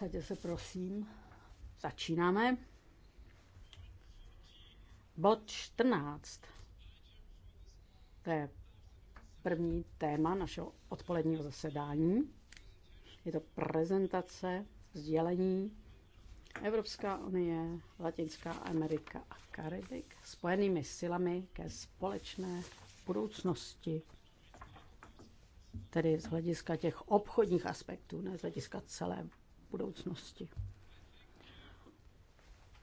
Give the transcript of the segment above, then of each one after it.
Sadě se prosím, začínáme. Bod 14. To je první téma našeho odpoledního zasedání. Je to prezentace, sdělení Evropská unie, Latinská Amerika a Karibik spojenými silami ke společné budoucnosti tedy z hlediska těch obchodních aspektů, ne z hlediska celé budoucnosti.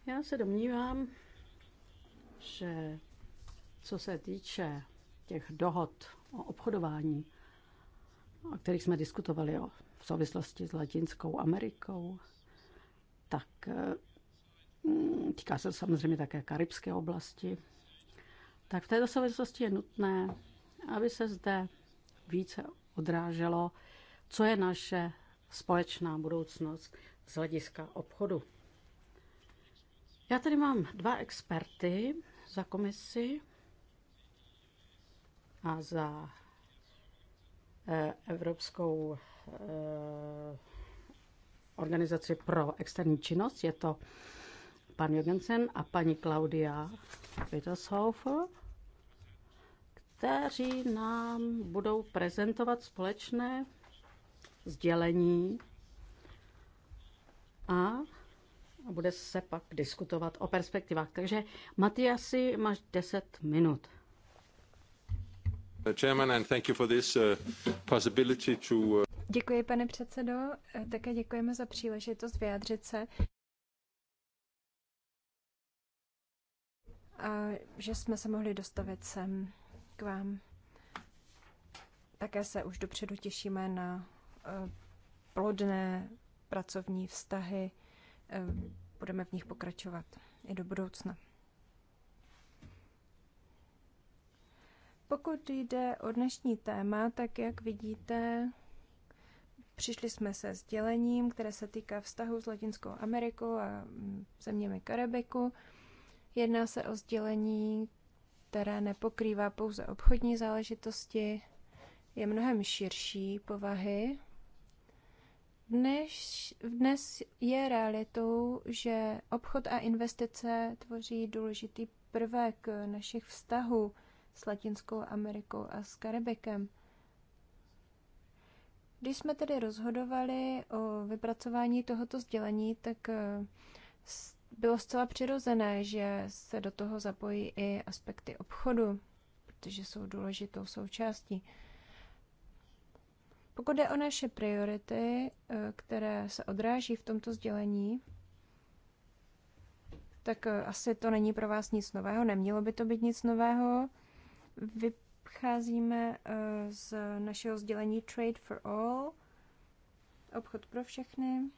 Já se domnívám, že co se týče těch dohod o obchodování, o kterých jsme diskutovali o, v souvislosti s Latinskou Amerikou, tak mm, týká se samozřejmě také karibské oblasti, tak v této souvislosti je nutné, aby se zde více odráželo, co je naše společná budoucnost z hlediska obchodu. Já tady mám dva experty za komisi a za eh, Evropskou eh, organizaci pro externí činnost. Je to pan Jorgensen a paní Claudia Wittershofer, kteří nám budou prezentovat společné sdělení a bude se pak diskutovat o perspektivách. Takže Matiasi, máš 10 minut. Uh, and thank you for this uh, possibility to... Uh, Děkuji, pane předsedo. Eh, také děkujeme za příležitost vyjádřit se. A že jsme se mohli dostavit sem k vám. Také se už dopředu těšíme na Eh, plodné pracovní vztahy. Eh, budeme v nich pokračovat i do budoucna. Pokud jde o dnešní téma, tak jak vidíte, přišli jsme se sdělením, které se týká vztahu s Latinskou Amerikou a zeměmi Karibiku. Jedná se o sdělení, které nepokrývá pouze obchodní záležitosti, je mnohem širší povahy dnes, dnes je realitou, že obchod a investice tvoří důležitý prvek našich vztahů s Latinskou Amerikou a s Karibikem. Když jsme tedy rozhodovali o vypracování tohoto sdělení, tak eh, bylo zcela přirozené, že se do toho zapojí i aspekty obchodu, protože jsou důležitou součástí. Pokud jde o naše priority, eh, které se odráží v tomto sdělení, tak eh, asi to není pro vás nic nového, nemělo by to být nic nového. Vycházíme eh, z našeho sdělení Trade for All, obchod pro všechny.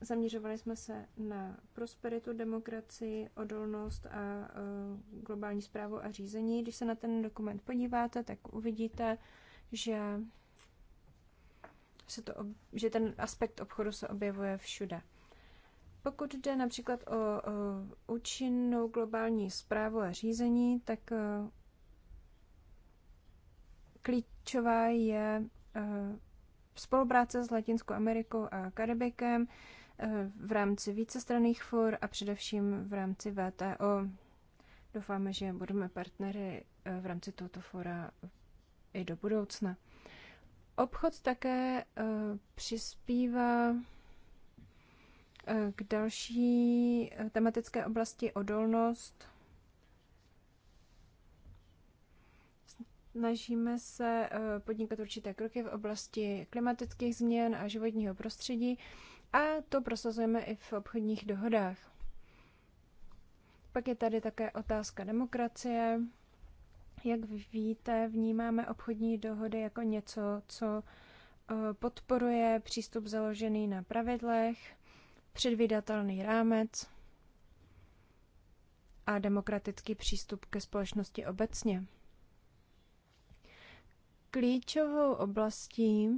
Zaměřovali jsme se na prosperitu, demokracii, odolnost a globální zprávu a řízení. Když se na ten dokument podíváte, tak uvidíte, že se to, že ten aspekt obchodu se objevuje všude. Pokud jde například o, o účinnou globální zprávu a řízení, tak o, e, klíčová je o, e, spolupráce s Latinskou Amerikou a Karibikem e, v rámci vícestranných for a především v rámci VTO. Doufáme, že budeme partnery v rámci tohoto fora i do budoucna. Obchod také eh, přispívá eh, k další eh, tematické oblasti odolnost. Snažíme se podnikat určité kroky v oblasti klimatických změn a životního prostředí a to prosazujeme i v obchodních dohodách. Pak je tady také otázka demokracie. Jak víte, vnímáme obchodní dohody jako něco, co eh, podporuje přístup založený na pravidlech, předvídatelný rámec a demokratický přístup ke společnosti obecně. Klíčovou oblastí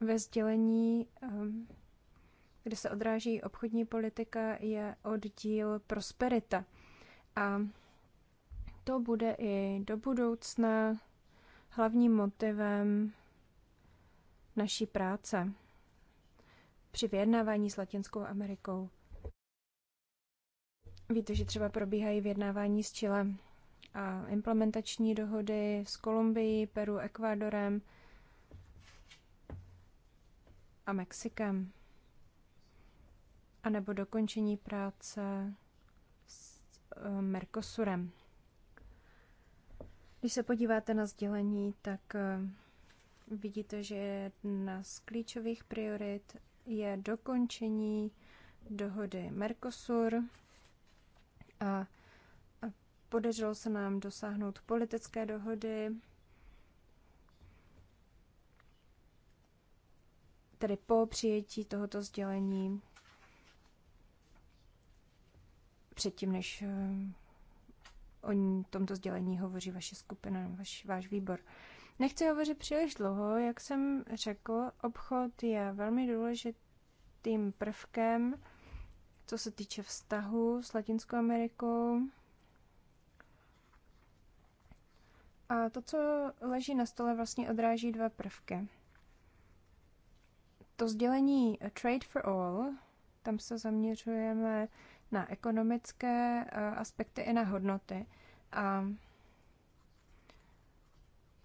ve sdělení, ehm, kde se odráží obchodní politika, je oddíl prosperita. A to bude i do budoucna hlavním motivem naší práce při vyjednávání s Latinskou Amerikou. Víte, že třeba probíhají vyjednávání s Chile a implementační dohody s Kolumbií, Peru, Ekvádorem a Mexikem. A nebo dokončení práce s eh, Mercosurem. Když se podíváte na sdělení, tak eh, vidíte, že jedna z klíčových priorit je dokončení dohody Mercosur a podařilo se nám dosáhnout politické dohody, tedy po přijetí tohoto sdělení, předtím než eh, o tomto sdělení hovoří vaše skupina, vaš, váš výbor. Nechci hovořit příliš dlouho, jak jsem řekl, obchod je velmi důležitým prvkem, co se týče vztahu s Latinskou Amerikou. A to, co leží na stole, vlastně odráží dva prvky. To sdělení Trade for All tam se zaměřujeme na ekonomické eh, aspekty i na hodnoty. A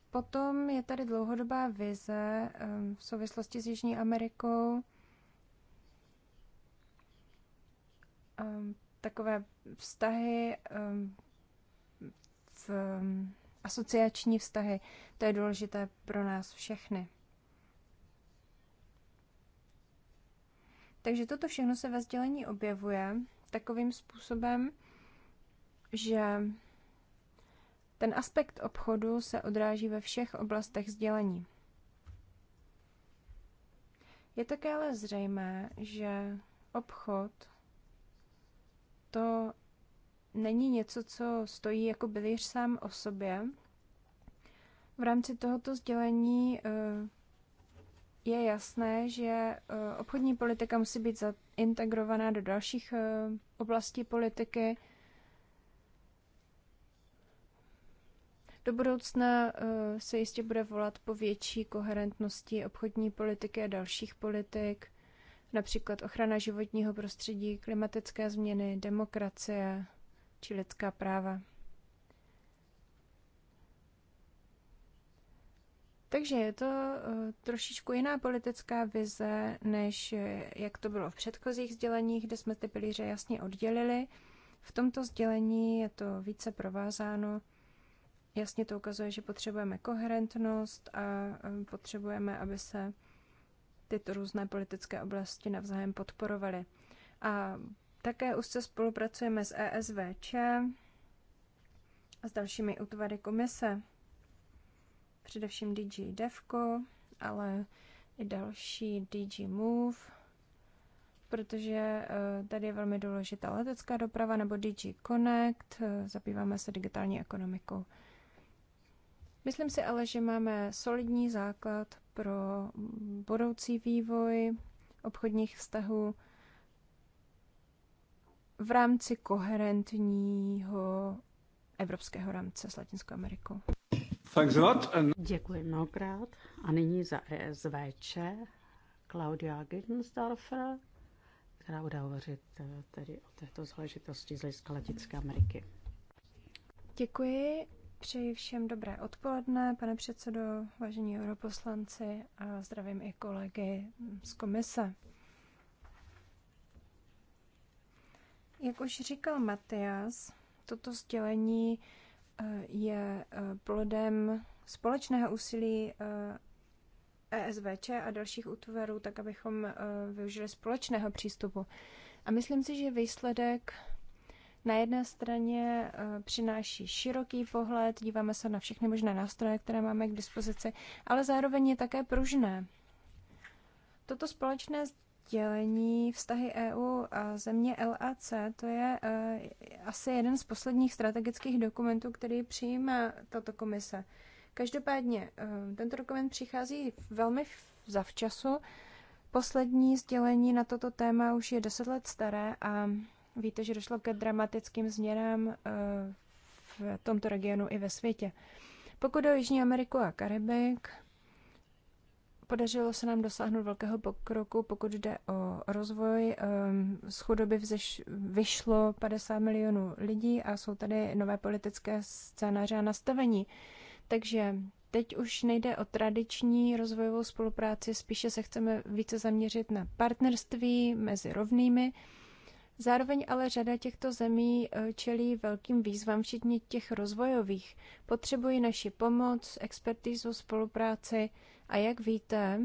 potom je tady dlouhodobá vize ehm, v souvislosti s Jižní Amerikou. Ehm, takové vztahy ehm, v asociační vztahy. To je důležité pro nás všechny. Takže toto všechno se ve sdělení objevuje takovým způsobem, že ten aspekt obchodu se odráží ve všech oblastech sdělení. Je také ale zřejmé, že obchod to není něco, co stojí jako bylíř sám o sobě. V rámci tohoto sdělení eh, je jasné, že eh, obchodní politika musí být zaintegrovaná do dalších eh, oblastí politiky. Do budoucna eh, se jistě bude volat po větší koherentnosti obchodní politiky a dalších politik, například ochrana životního prostředí, klimatické změny, demokracie či lidská práva. Takže je to eh, trošičku jiná politická vize, než eh, jak to bylo v předchozích sděleních, kde jsme ty pilíře jasně oddělili. V tomto sdělení je to více provázáno. Jasně to ukazuje, že potřebujeme koherentnost a eh, potřebujeme, aby se tyto různé politické oblasti navzájem podporovaly. A také už se spolupracujeme s ESVČ a s dalšími útvary komise především DJ Devko, ale i další DJ Move, protože eh, tady je velmi důležitá letecká doprava nebo DJ Connect, eh, zabýváme se digitální ekonomikou. Myslím si ale, že máme solidní základ pro budoucí vývoj obchodních vztahů v rámci koherentního evropského rámce s Latinskou Amerikou. Thanks a lot. And... Děkuji mnohokrát. A nyní za ESVČ Claudia Gittensdorfer, která bude hovořit eh, tedy o této záležitosti z hlediska Latinské Ameriky. Děkuji. Přeji všem dobré odpoledne, pane předsedo, vážení europoslanci a zdravím i kolegy z komise. Jak už říkal Matias, toto sdělení Eh, je eh, plodem společného úsilí ESVČ eh, e a dalších útvarů, tak abychom využili společného přístupu. A myslím si, že výsledek na jedné straně přináší široký pohled, díváme se na všechny možné nástroje, které máme k dispozici, ale zároveň je také pružné. Toto společné dělení vztahy EU a země LAC, to je eh, asi jeden z posledních strategických dokumentů, který přijímá tato komise. Každopádně eh, tento dokument přichází velmi zavčasu. Poslední sdělení na toto téma už je deset let staré a víte, že došlo ke dramatickým změnám eh, v tomto regionu i ve světě. Pokud o Jižní Ameriku a Karibik, Podařilo se nám dosáhnout velkého pokroku, pokud jde o rozvoj. Ehm, z chudoby vzeš, vyšlo 50 milionů lidí a jsou tady nové politické scénáře a nastavení. Takže teď už nejde o tradiční rozvojovou spolupráci, spíše se chceme více zaměřit na partnerství mezi rovnými. Zároveň ale řada těchto zemí eh, čelí velkým výzvám, včetně těch rozvojových. Potřebují naši pomoc, expertizu, spolupráci a jak víte,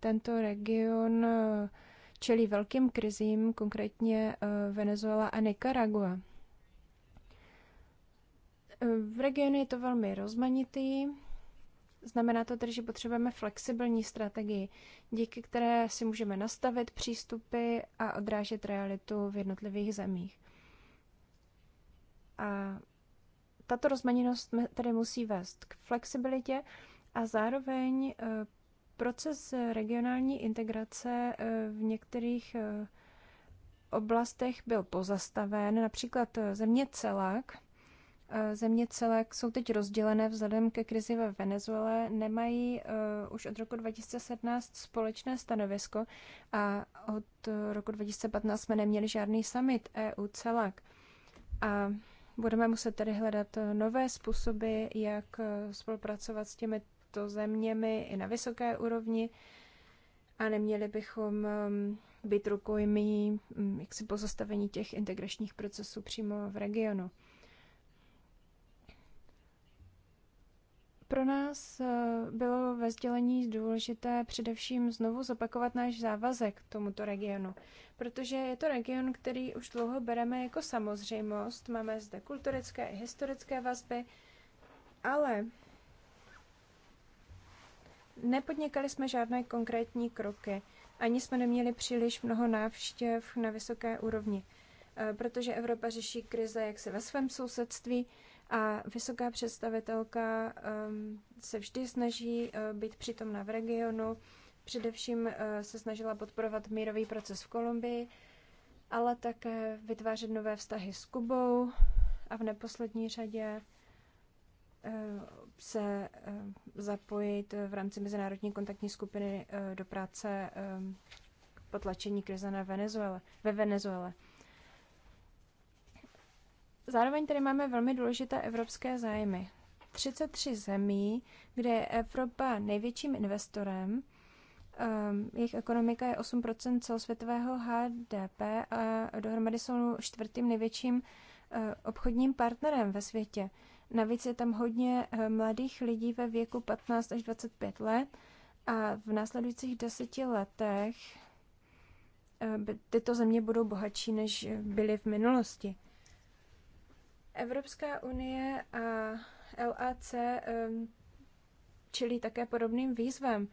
tento region eh, čelí velkým krizím, konkrétně eh, Venezuela a Nicaragua. Eh, v regionu je to velmi rozmanitý, znamená to tedy, že potřebujeme flexibilní strategii, díky které si můžeme nastavit přístupy a odrážet realitu v jednotlivých zemích. A tato rozmanitost tedy musí vést k flexibilitě, a zároveň eh, proces regionální integrace eh, v některých eh, oblastech byl pozastaven, například země celák. Země celek jsou teď rozdělené vzhledem ke krizi ve Venezuele, nemají uh, už od roku 2017 společné stanovisko a od roku 2015 jsme neměli žádný summit EU celak. A budeme muset tedy hledat nové způsoby, jak spolupracovat s těmi těmito zeměmi i na vysoké úrovni a neměli bychom um, být rukojmí um, jaksi pozastavení těch integračních procesů přímo v regionu. Pro nás uh, bylo ve sdělení důležité především znovu zopakovat náš závazek k tomuto regionu, protože je to region, který už dlouho bereme jako samozřejmost. Máme zde kulturické i historické vazby, ale Nepodnikali jsme žádné konkrétní kroky, ani jsme neměli příliš mnoho návštěv na vysoké úrovni, eh, protože Evropa řeší krize jaksi ve svém sousedství a vysoká představitelka ehm, se vždy snaží eh, být přítomna v regionu. Především eh, se snažila podporovat mírový proces v Kolumbii, ale také vytvářet nové vztahy s Kubou a v neposlední řadě se eh, zapojit v rámci mezinárodní kontaktní skupiny eh, do práce k eh, potlačení krize na Venezuele, ve Venezuele. Zároveň tady máme velmi důležité evropské zájmy. 33 zemí, kde je Evropa největším investorem, Um, jejich ekonomika je 8% celosvětového HDP a dohromady jsou čtvrtým největším uh, obchodním partnerem ve světě. Navíc je tam hodně eh, mladých lidí ve věku 15 až 25 let a v následujících deseti letech eh, tyto země budou bohatší, než eh, byly v minulosti. Evropská unie a LAC čelí také podobným výzvám.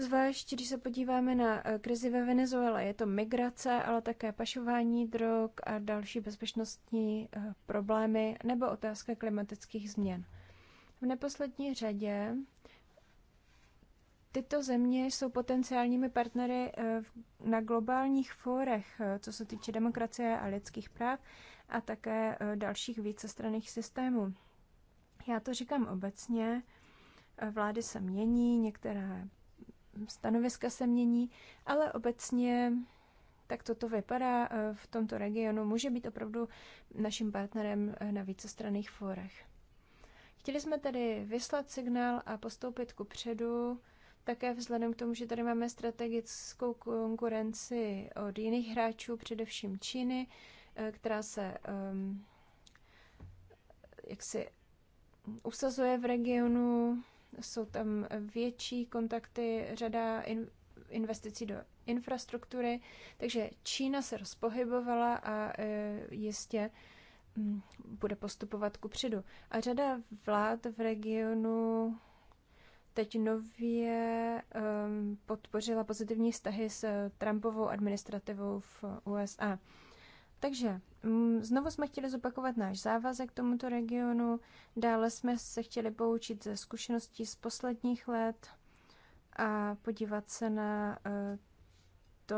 Zvlášť, když se podíváme na eh, krizi ve Venezuele, je to migrace, ale také pašování drog a další bezpečnostní eh, problémy nebo otázka klimatických změn. V neposlední řadě tyto země jsou potenciálními partnery eh, na globálních fórech, co se týče demokracie a lidských práv a také dalších vícestranných systémů. Já to říkám obecně, vlády se mění, některé stanoviska se mění, ale obecně tak toto vypadá eh, v tomto regionu. Může být opravdu naším partnerem eh, na vícestranných fórech. Chtěli jsme tedy vyslat signál a postoupit ku předu, také vzhledem k tomu, že tady máme strategickou konkurenci od jiných hráčů, především Číny, eh, která se um, jaksi usazuje v regionu, jsou tam větší kontakty, řada in, investicí do infrastruktury, takže Čína se rozpohybovala a e, jistě mm, bude postupovat ku předu. A řada vlád v regionu teď nově podpořila pozitivní vztahy s Trumpovou administrativou v USA. Takže mm, znovu jsme chtěli zopakovat náš závazek tomuto regionu, dále jsme se chtěli poučit ze zkušeností z posledních let a podívat se na eh, to,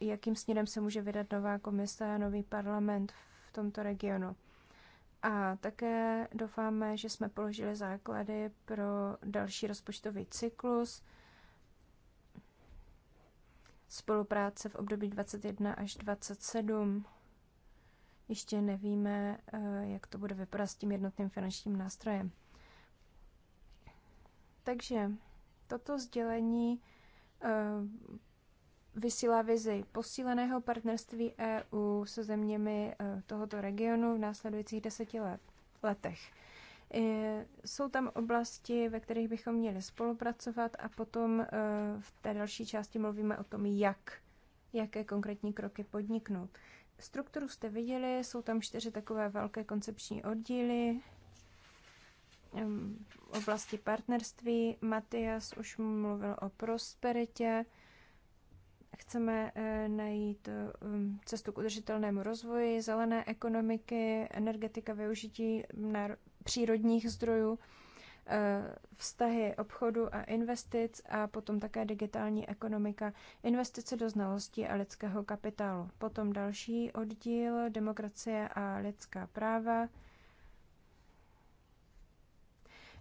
jakým směrem se může vydat nová komise a nový parlament v tomto regionu. A také doufáme, že jsme položili základy pro další rozpočtový cyklus spolupráce v období 21 až 27 ještě nevíme, eh, jak to bude vypadat s tím jednotným finančním nástrojem. Takže toto sdělení eh, vysílá vizi posíleného partnerství EU se zeměmi eh, tohoto regionu v následujících deseti let, letech. Jsou tam oblasti, ve kterých bychom měli spolupracovat a potom v té další části mluvíme o tom, jak, jaké konkrétní kroky podniknout. Strukturu jste viděli, jsou tam čtyři takové velké koncepční oddíly, v oblasti partnerství. Matias už mluvil o prosperitě. Chceme eh, najít cestu k udržitelnému rozvoji, zelené ekonomiky, energetika, využití přírodních zdrojů. Eh, vztahy obchodu a investic a potom také digitální ekonomika, investice do znalostí a lidského kapitálu. Potom další oddíl demokracie a lidská práva.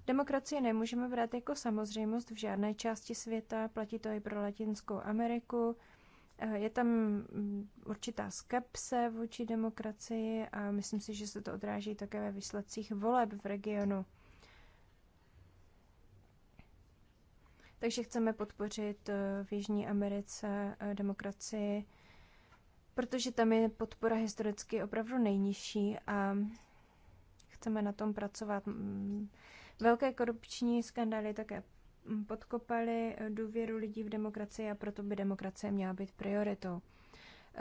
Demokracii nemůžeme brát jako samozřejmost v žádné části světa, platí to i pro Latinskou Ameriku. Eh, je tam mm, určitá skepse vůči demokracii a myslím si, že se to odráží také ve výsledcích voleb v regionu. Takže chceme podpořit eh, v Jižní Americe eh, demokracii, protože tam je podpora historicky opravdu nejnižší a chceme na tom pracovat. Velké korupční skandály také mm, podkopaly eh, důvěru lidí v demokracii a proto by demokracie měla být prioritou.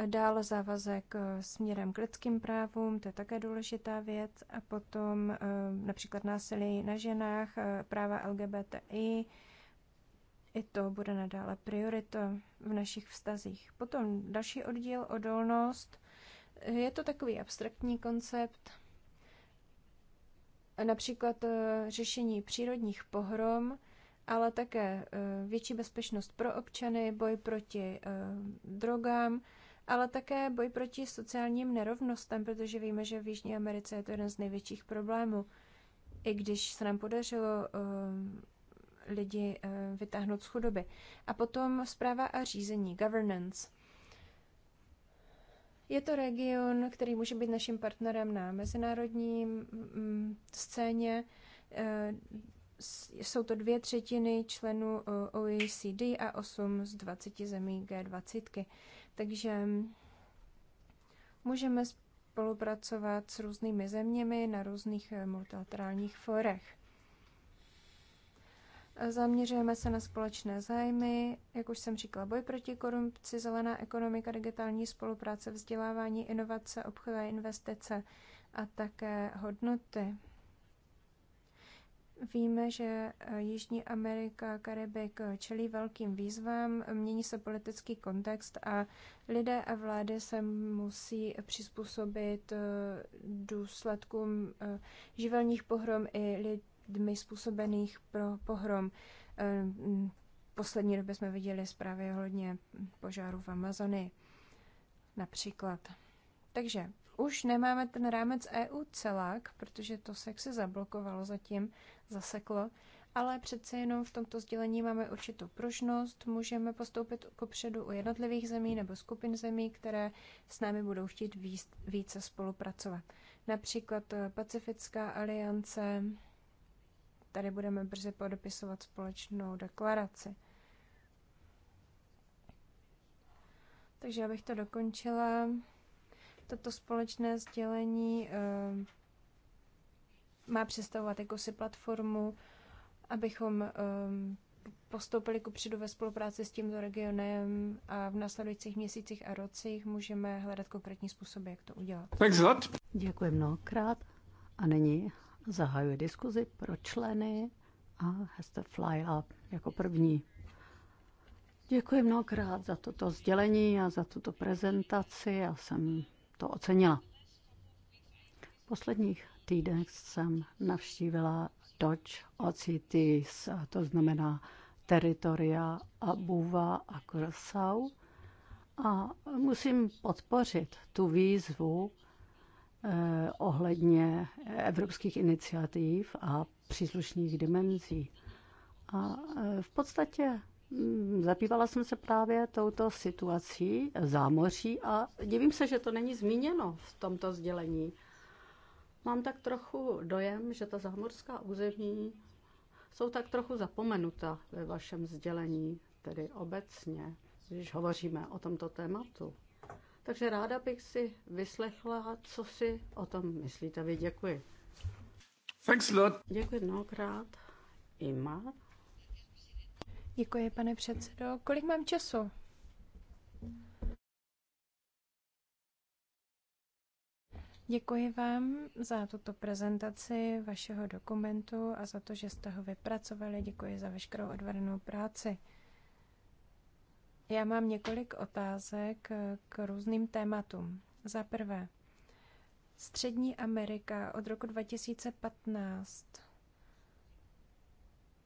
Dále závazek směrem k lidským právům, to je také důležitá věc. A potom například násilí na ženách, práva LGBTI, i to bude nadále priorita v našich vztazích. Potom další oddíl, odolnost. Je to takový abstraktní koncept, například eh, řešení přírodních pohrom, ale také eh, větší bezpečnost pro občany, boj proti eh, drogám, ale také boj proti sociálním nerovnostem, protože víme, že v Jižní Americe je to jeden z největších problémů. I když se nám podařilo lidi eh, vytáhnout z chudoby. A potom zpráva a řízení, governance. Je to region, který může být naším partnerem na mezinárodní mm, scéně. Eh, jsou to dvě třetiny členů eh, OECD a 8 z 20 zemí G20. Takže můžeme spolupracovat s různými zeměmi na různých multilaterálních forech. Zaměřujeme se na společné zájmy, jak už jsem říkala, boj proti korupci, zelená ekonomika, digitální spolupráce, vzdělávání, inovace, obchod a investice a také hodnoty. Víme, že eh, Jižní Amerika, Karibik eh, čelí velkým výzvám, mění se politický kontext a lidé a vlády se musí přizpůsobit eh, důsledkům živelních pohrom i dmy způsobených pro pohrom. V eh, poslední době jsme viděli zprávy hodně požáru v Amazonii například. Takže už nemáme ten rámec EU celák, protože to se se zablokovalo zatím, zaseklo, ale přece jenom v tomto sdělení máme určitou pružnost, můžeme postoupit kopředu u jednotlivých zemí nebo skupin zemí, které s námi budou chtít víc, více spolupracovat. Například eh, Pacifická aliance, Tady budeme brzy podepisovat společnou deklaraci. Takže abych to dokončila, toto společné sdělení eh, má představovat jakousi platformu, abychom eh, postoupili ku předu ve spolupráci s tímto regionem a v následujících měsících a rocích můžeme hledat konkrétní způsoby, jak to udělat. Thanks a lot. Děkuji mnohokrát. A nyní Zahajuji diskuzi pro členy a Hester Fly up jako první. Děkuji mnohokrát za toto sdělení a za tuto prezentaci. a jsem to ocenila. V posledních týdnech jsem navštívila Dodge Ocities, to znamená teritoria Abuva a Curaçao. A musím podpořit tu výzvu, Eh, ohledně evropských iniciativ a příslušných dimenzí. A eh, v podstatě mm, zabývala jsem se právě touto situací zámoří a divím se, že to není zmíněno v tomto sdělení. Mám tak trochu dojem, že ta zámořská území jsou tak trochu zapomenuta ve vašem sdělení, tedy obecně, když hovoříme o tomto tématu. Takže ráda bych si vyslechla, co si o tom myslíte. Vy děkuji. Thanks a lot. Děkuji mnohokrát. Ima. Děkuji, pane předsedo. Kolik mám času? Děkuji vám za tuto prezentaci vašeho dokumentu a za to, že jste ho vypracovali. Děkuji za veškerou odvedenou práci. Já mám několik otázek eh, k různým tématům. Za prvé, Střední Amerika od roku 2015.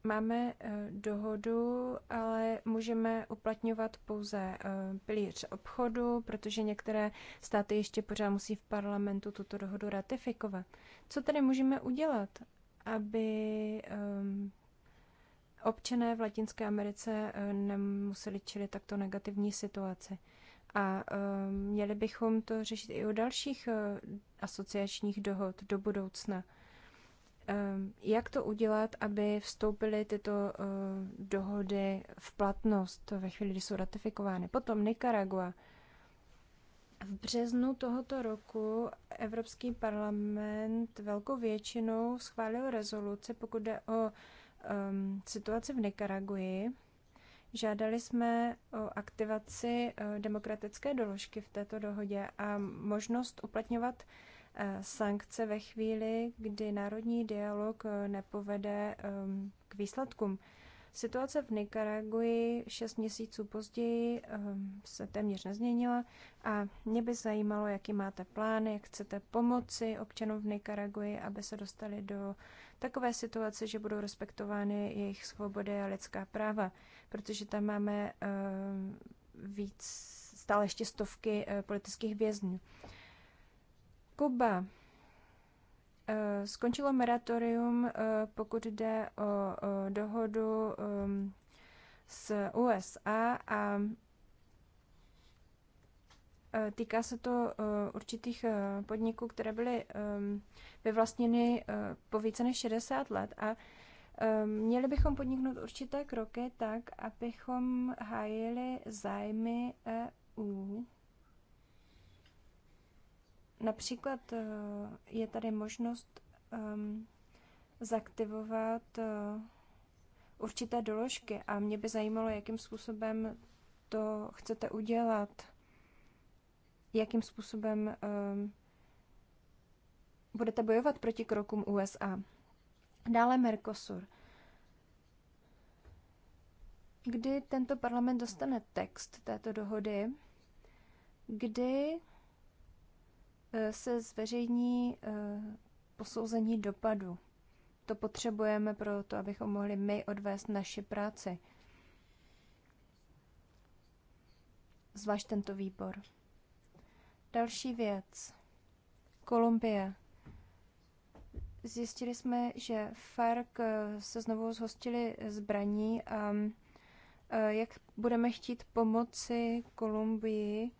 Máme eh, dohodu, ale můžeme uplatňovat pouze eh, pilíř obchodu, protože některé státy ještě pořád musí v parlamentu tuto dohodu ratifikovat. Co tedy můžeme udělat, aby ehm, občané v Latinské Americe eh, nemuseli čelit takto negativní situaci. A eh, měli bychom to řešit i u dalších eh, asociačních dohod do budoucna. Jak to udělat, aby vstoupily tyto dohody v platnost ve chvíli, kdy jsou ratifikovány? Potom Nicaragua. V březnu tohoto roku Evropský parlament velkou většinou schválil rezoluci, pokud jde o um, situaci v Nikaraguji. Žádali jsme o aktivaci uh, demokratické doložky v této dohodě a možnost uplatňovat uh, sankce ve chvíli, kdy národní dialog uh, nepovede um, k výsledkům. Situace v Nikaraguji šest měsíců později um, se téměř nezměnila a mě by zajímalo, jaký máte plán, jak chcete pomoci občanům v Nikaraguji, aby se dostali do takové situace, že budou respektovány jejich svobody a lidská práva, protože tam máme eh, víc, stále ještě stovky eh, politických vězňů. Kuba. Eh, skončilo moratorium, pokud jde o dohodu s USA a Eh, týká se to eh, určitých eh, podniků, které byly ehm, vyvlastněny po více než 60 let a ehm, měli bychom podniknout určité kroky tak, abychom hájili zájmy EU. Například je tady možnost ehm, zaktivovat určité doložky a mě by zajímalo, jakým způsobem to chcete udělat jakým způsobem ehm, budete bojovat proti krokům USA. Dále Mercosur. Kdy tento parlament dostane text této dohody? Kdy eh, se zveřejní eh, posouzení dopadu? To potřebujeme pro to, abychom mohli my odvést naši práci. Zvaž tento výbor. Další věc. Kolumbie. Zjistili jsme, že FARC eh, se znovu zhostili zbraní a eh, jak budeme chtít pomoci Kolumbii,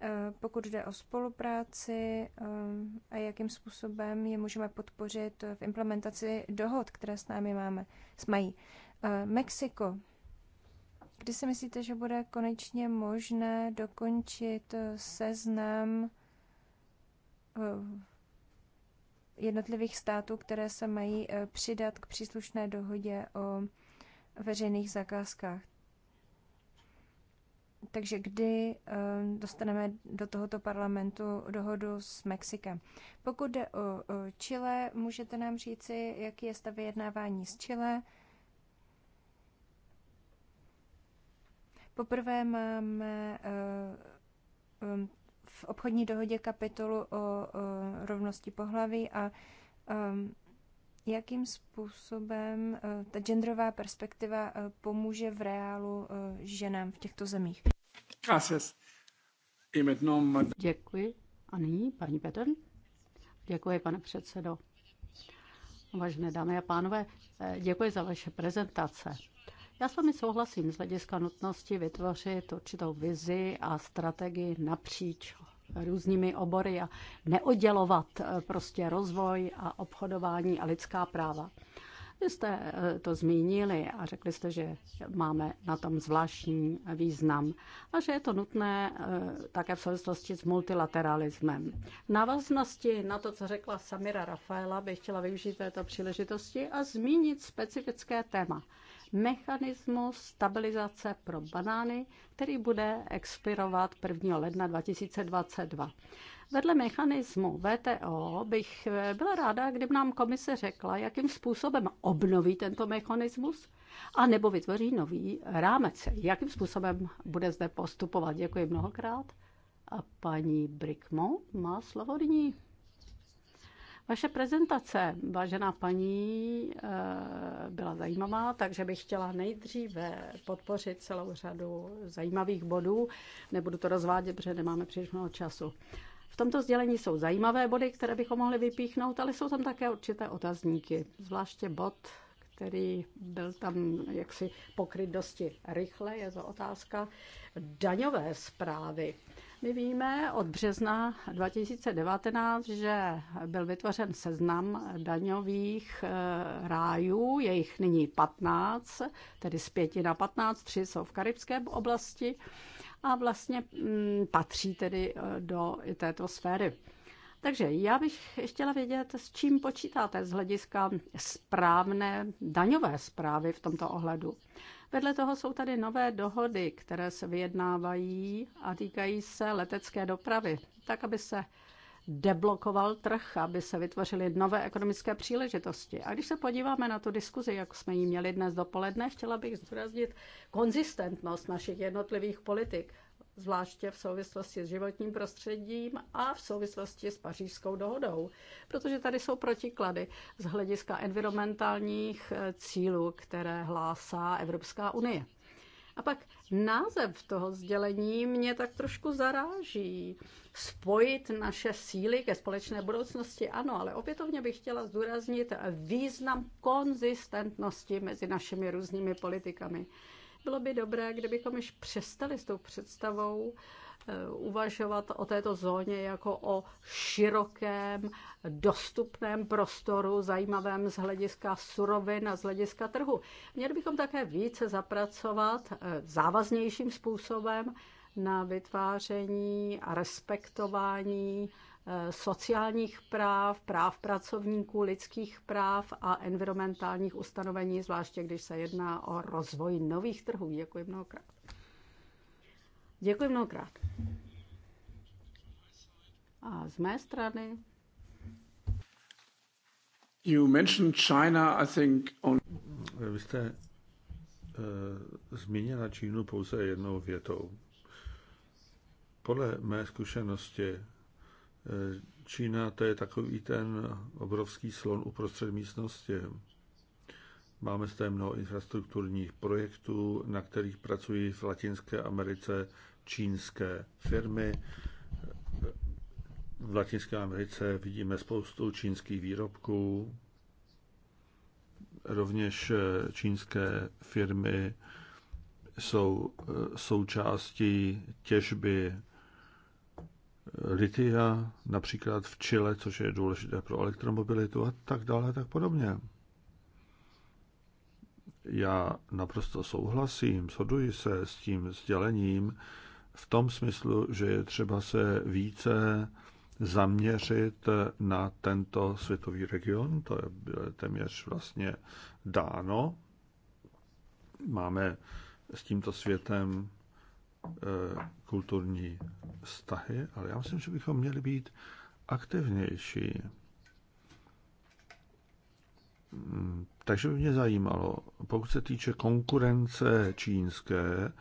eh, pokud jde o spolupráci a jakým způsobem je můžeme podpořit v implementaci dohod, které s námi máme, s mají. Mexiko. Kdy si myslíte, že bude konečně možné dokončit eh, seznam eh, jednotlivých států, které se mají eh, přidat k příslušné dohodě o veřejných zakázkách? Takže kdy dostaneme do tohoto parlamentu dohodu s Mexikem? Pokud jde o Chile, můžete nám říci, jaký je stav vyjednávání s Chile? Poprvé máme eh, v obchodní dohodě kapitolu o rovnosti pohlaví a jakým způsobem eh, ta genderová perspektiva eh, pomůže v reálu ženám v těchto zemích. No, děkuji. A nyní paní Petr. Děkuji, pane předsedo. Vážené dámy a pánové, děkuji za vaše prezentace. Já s vámi souhlasím z hlediska nutnosti vytvořit určitou vizi a strategii napříč různými obory a neoddělovat eh, prostě rozvoj a obchodování a lidská práva. Vy jste eh, to zmínili a řekli jste, že máme na tom zvláštní význam a že je to nutné eh, také v souvislosti s multilateralismem. V návaznosti na to, co řekla Samira Rafaela, bych chtěla využít této příležitosti a zmínit specifické téma mechanismus stabilizace pro banány, který bude expirovat 1. ledna 2022. Vedle mechanismu VTO bych eh, byla ráda, kdyby nám komise řekla, jakým způsobem obnoví tento mechanismus a nebo vytvoří nový rámec. Jakým způsobem bude zde postupovat? Děkuji mnohokrát. A paní Brickmo má slovo nyní. Vaše prezentace, vážená paní, eh, byla zajímavá, takže bych chtěla nejdříve podpořit celou řadu zajímavých bodů. Nebudu to rozvádět, protože nemáme příliš mnoho času. V tomto sdělení jsou zajímavé body, které bychom mohli vypíchnout, ale jsou tam také určité otazníky, zvláště bod který byl tam jaksi pokryt dosti rychle, je to otázka daňové zprávy. My víme od března 2019, že byl vytvořen seznam daňových eh, rájů, je jich nyní 15, tedy z 5 na 15, 3 jsou v karibské oblasti a vlastně mm, patří tedy eh, do této sféry. Takže já bych chtěla vědět, s čím počítáte z hlediska správné daňové zprávy v tomto ohledu. Vedle toho jsou tady nové dohody, které se vyjednávají a týkají se letecké dopravy, tak aby se deblokoval trh, aby se vytvořily nové ekonomické příležitosti. A když se podíváme na tu diskuzi, jak jsme ji měli dnes dopoledne, chtěla bych zdůraznit konzistentnost našich jednotlivých politik zvláště v souvislosti s životním prostředím a v souvislosti s pařížskou dohodou, protože tady jsou protiklady z hlediska environmentálních eh, cílů, které hlásá Evropská unie. A pak název toho sdělení mě tak trošku zaráží. Spojit naše síly ke společné budoucnosti, ano, ale opětovně bych chtěla zdůraznit význam konzistentnosti mezi našimi různými politikami. Bylo by dobré, kdybychom již přestali s tou představou eh, uvažovat o této zóně jako o širokém, dostupném prostoru, zajímavém z hlediska surovin a z hlediska trhu. Měli bychom také více zapracovat eh, závaznějším způsobem na vytváření a respektování Eh, sociálních práv, práv pracovníků, lidských práv a environmentálních ustanovení, zvláště když se jedná o rozvoj nových trhů. Děkuji mnohokrát. Děkuji mnohokrát. A z mé strany. You mentioned China, I think on... Vy jste uh, zmínila Čínu pouze jednou větou. Podle mé zkušenosti Čína to je takový ten obrovský slon uprostřed místnosti. Máme zde mnoho infrastrukturních projektů, na kterých pracují v Latinské Americe čínské firmy. V Latinské Americe vidíme spoustu čínských výrobků, rovněž eh, čínské firmy jsou eh, součástí těžby litia například v Chile, což je důležité pro elektromobilitu a tak dále a tak podobně. Já naprosto souhlasím, shoduji se s tím sdělením v tom smyslu, že je třeba se více zaměřit na tento světový region, to je téměř vlastně dáno. Máme s tímto světem Eh, kulturní vztahy, ale já myslím, že bychom měli být aktivnější. Hmm, takže by mě zajímalo, pokud se týče konkurence čínské,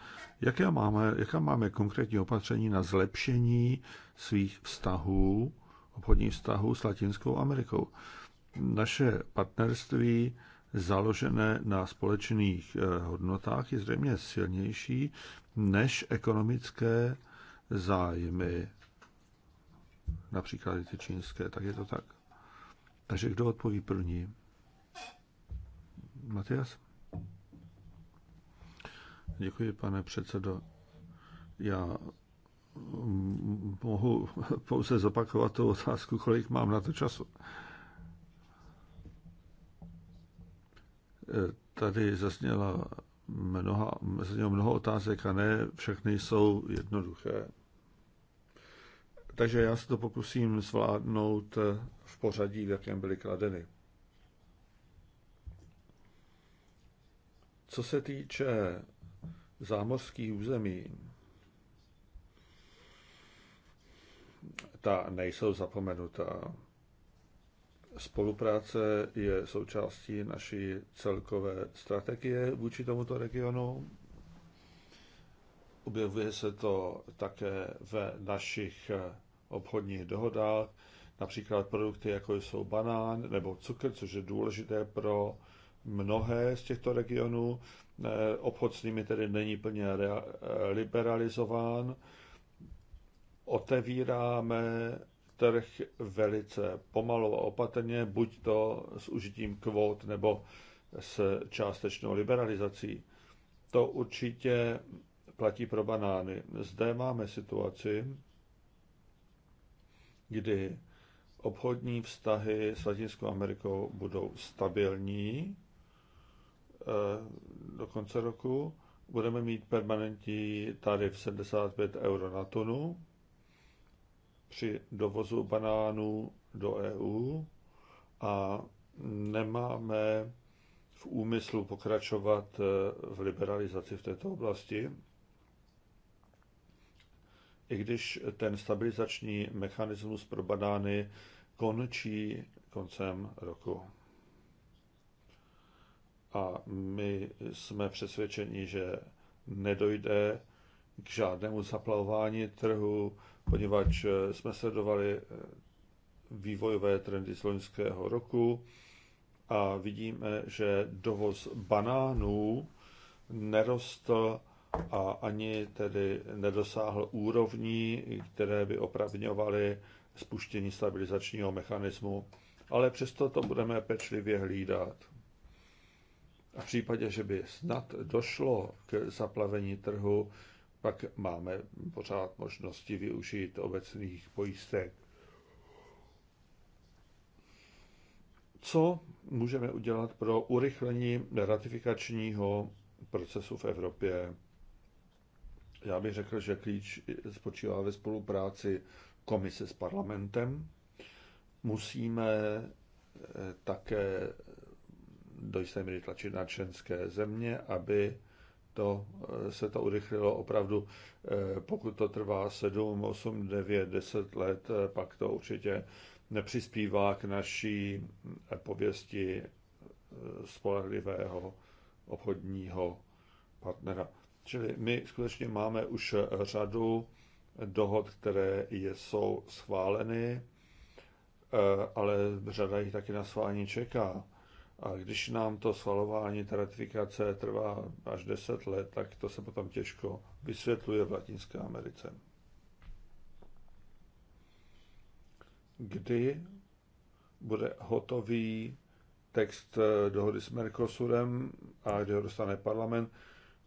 jaké máme, jaká máme konkrétní opatření na zlepšení svých vztahů, obchodních vztahů s Latinskou Amerikou. Naše partnerství založené na společných eh, hodnotách je zřejmě silnější než ekonomické zájmy, například ty čínské, tak je to tak. Takže kdo odpoví první? Matias? Děkuji, pane předsedo. Já mm, mohu pouze zopakovat tu otázku, kolik mám na to času. E, tady zazněla mnoha, mnoho otázek a ne všechny jsou jednoduché. Takže já se to pokusím zvládnout v pořadí, v jakém byly kladeny. Co se týče zámořských území, ta nejsou zapomenutá. Spolupráce je součástí naší celkové strategie vůči tomuto regionu. Objevuje se to také ve našich obchodních dohodách, například produkty, jako jsou banán nebo cukr, což je důležité pro mnohé z těchto regionů. Obchod s nimi tedy není plně liberalizován. Otevíráme trh velice pomalu a opatrně, buď to s užitím kvót nebo s částečnou liberalizací. To určitě platí pro banány. Zde máme situaci, kdy obchodní vztahy s Latinskou Amerikou budou stabilní eh, do konce roku. Budeme mít permanentní tarif 75 euro na tunu při dovozu banánů do EU a nemáme v úmyslu pokračovat eh, v liberalizaci v této oblasti, i když ten stabilizační mechanismus pro banány končí koncem roku. A my jsme přesvědčeni, že nedojde k žádnému zaplavování trhu, poněvadž eh, jsme sledovali eh, vývojové trendy z loňského roku a vidíme, že dovoz banánů nerostl a ani tedy nedosáhl úrovní, které by opravňovaly spuštění stabilizačního mechanismu. Ale přesto to budeme pečlivě hlídat. A v případě, že by snad došlo k zaplavení trhu, pak máme pořád možnosti využít obecných pojistek. Co můžeme udělat pro urychlení ratifikačního procesu v Evropě? Já bych řekl, že klíč spočívá ve spolupráci komise s parlamentem. Musíme eh, také do jisté míry tlačit na členské země, aby to eh, se to urychlilo opravdu, eh, pokud to trvá 7, 8, 9, 10 let, eh, pak to určitě nepřispívá k naší pověsti spolehlivého obchodního partnera. Čili my skutečně máme už řadu dohod, které jsou schváleny, ale řada jich taky na schválení čeká. A když nám to schvalování, ta ratifikace trvá až 10 let, tak to se potom těžko vysvětluje v Latinské Americe. Kdy bude hotový text dohody s Mercosurem a kdy ho dostane parlament,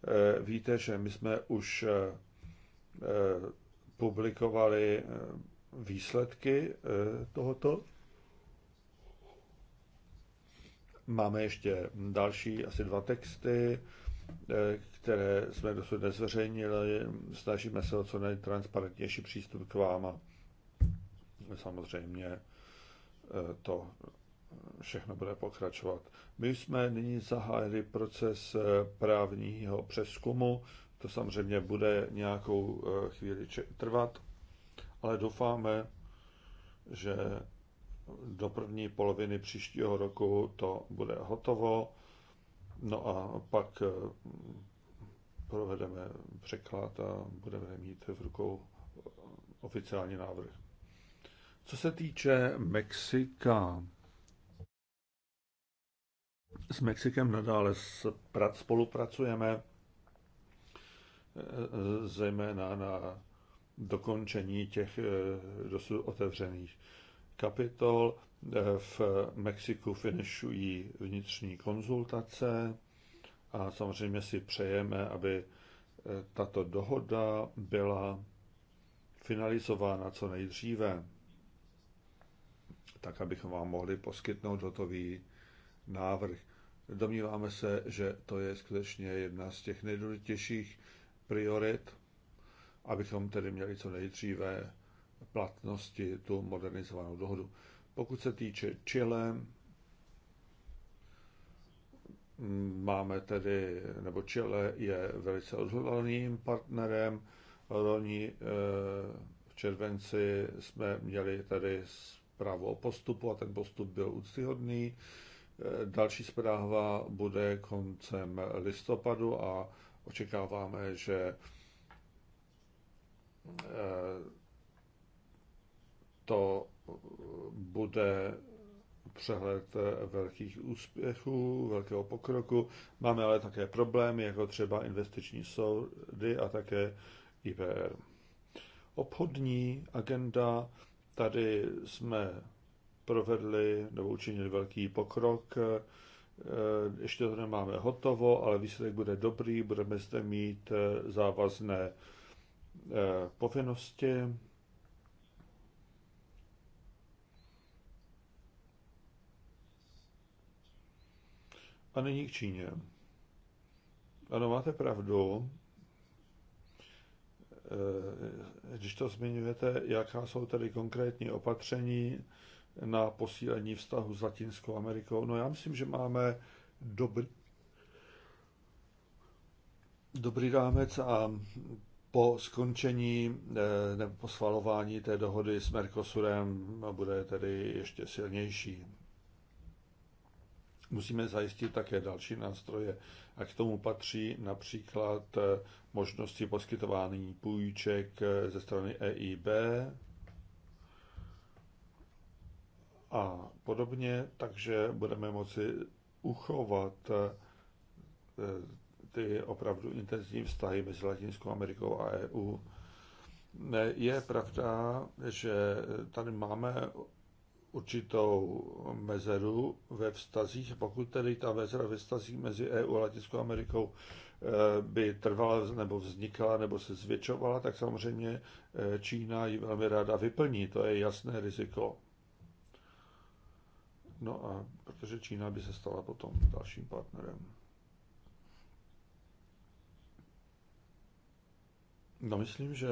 eh, víte, že my jsme už eh, eh, publikovali výsledky tohoto Máme ještě další asi dva texty, eh, které jsme dosud nezveřejnili. Snažíme se o co nejtransparentnější přístup k vám samozřejmě eh, to všechno bude pokračovat. My jsme nyní zahájili proces eh, právního přeskumu, to samozřejmě bude nějakou chvíli trvat, ale doufáme, že do první poloviny příštího roku to bude hotovo. No a pak eh, provedeme překlad a budeme mít v rukou eh, oficiální návrh. Co se týče Mexika, s Mexikem nadále spolupracujeme, eh, zejména na dokončení těch dosud otevřených kapitol. Eh, v Mexiku finišují vnitřní konzultace a samozřejmě si přejeme, aby eh, tato dohoda byla finalizována co nejdříve, tak abychom vám mohli poskytnout hotový návrh. Domníváme se, že to je skutečně jedna z těch nejdůležitějších priorit, abychom tedy měli co nejdříve platnosti tu modernizovanou dohodu. Pokud se týče Chile, máme tedy, nebo Chile je velice odhodlaným partnerem. Loni eh, v červenci jsme měli tedy zprávu o postupu a ten postup byl úctyhodný. Eh, další zpráva bude koncem listopadu a očekáváme, že eh, to eh, bude přehled eh, velkých úspěchů, velkého pokroku. Máme ale také problémy, jako třeba investiční soudy a také IPR. Obchodní agenda, tady jsme provedli nebo učinili velký pokrok. Eh, ještě to nemáme hotovo, ale výsledek bude dobrý, budeme zde mít závazné povinnosti A není k Číně. Ano, máte pravdu. Eh, když to zmiňujete, jaká jsou tedy konkrétní opatření na posílení vztahu s Latinskou Amerikou, no já myslím, že máme dobrý, dobrý rámec a po skončení eh, nebo po schvalování té dohody s Mercosurem bude tedy ještě silnější musíme zajistit také další nástroje. A k tomu patří například eh, možnosti poskytování půjček eh, ze strany EIB a podobně, takže budeme moci uchovat eh, ty opravdu intenzivní vztahy mezi Latinskou Amerikou a EU. Je pravda, že tady máme určitou mezeru ve vztazích. Pokud tedy ta mezera ve vztazích mezi EU a Latinskou Amerikou eh, by trvala nebo vznikala nebo se zvětšovala, tak samozřejmě eh, Čína ji velmi ráda vyplní. To je jasné riziko. No a protože Čína by se stala potom dalším partnerem. No myslím, že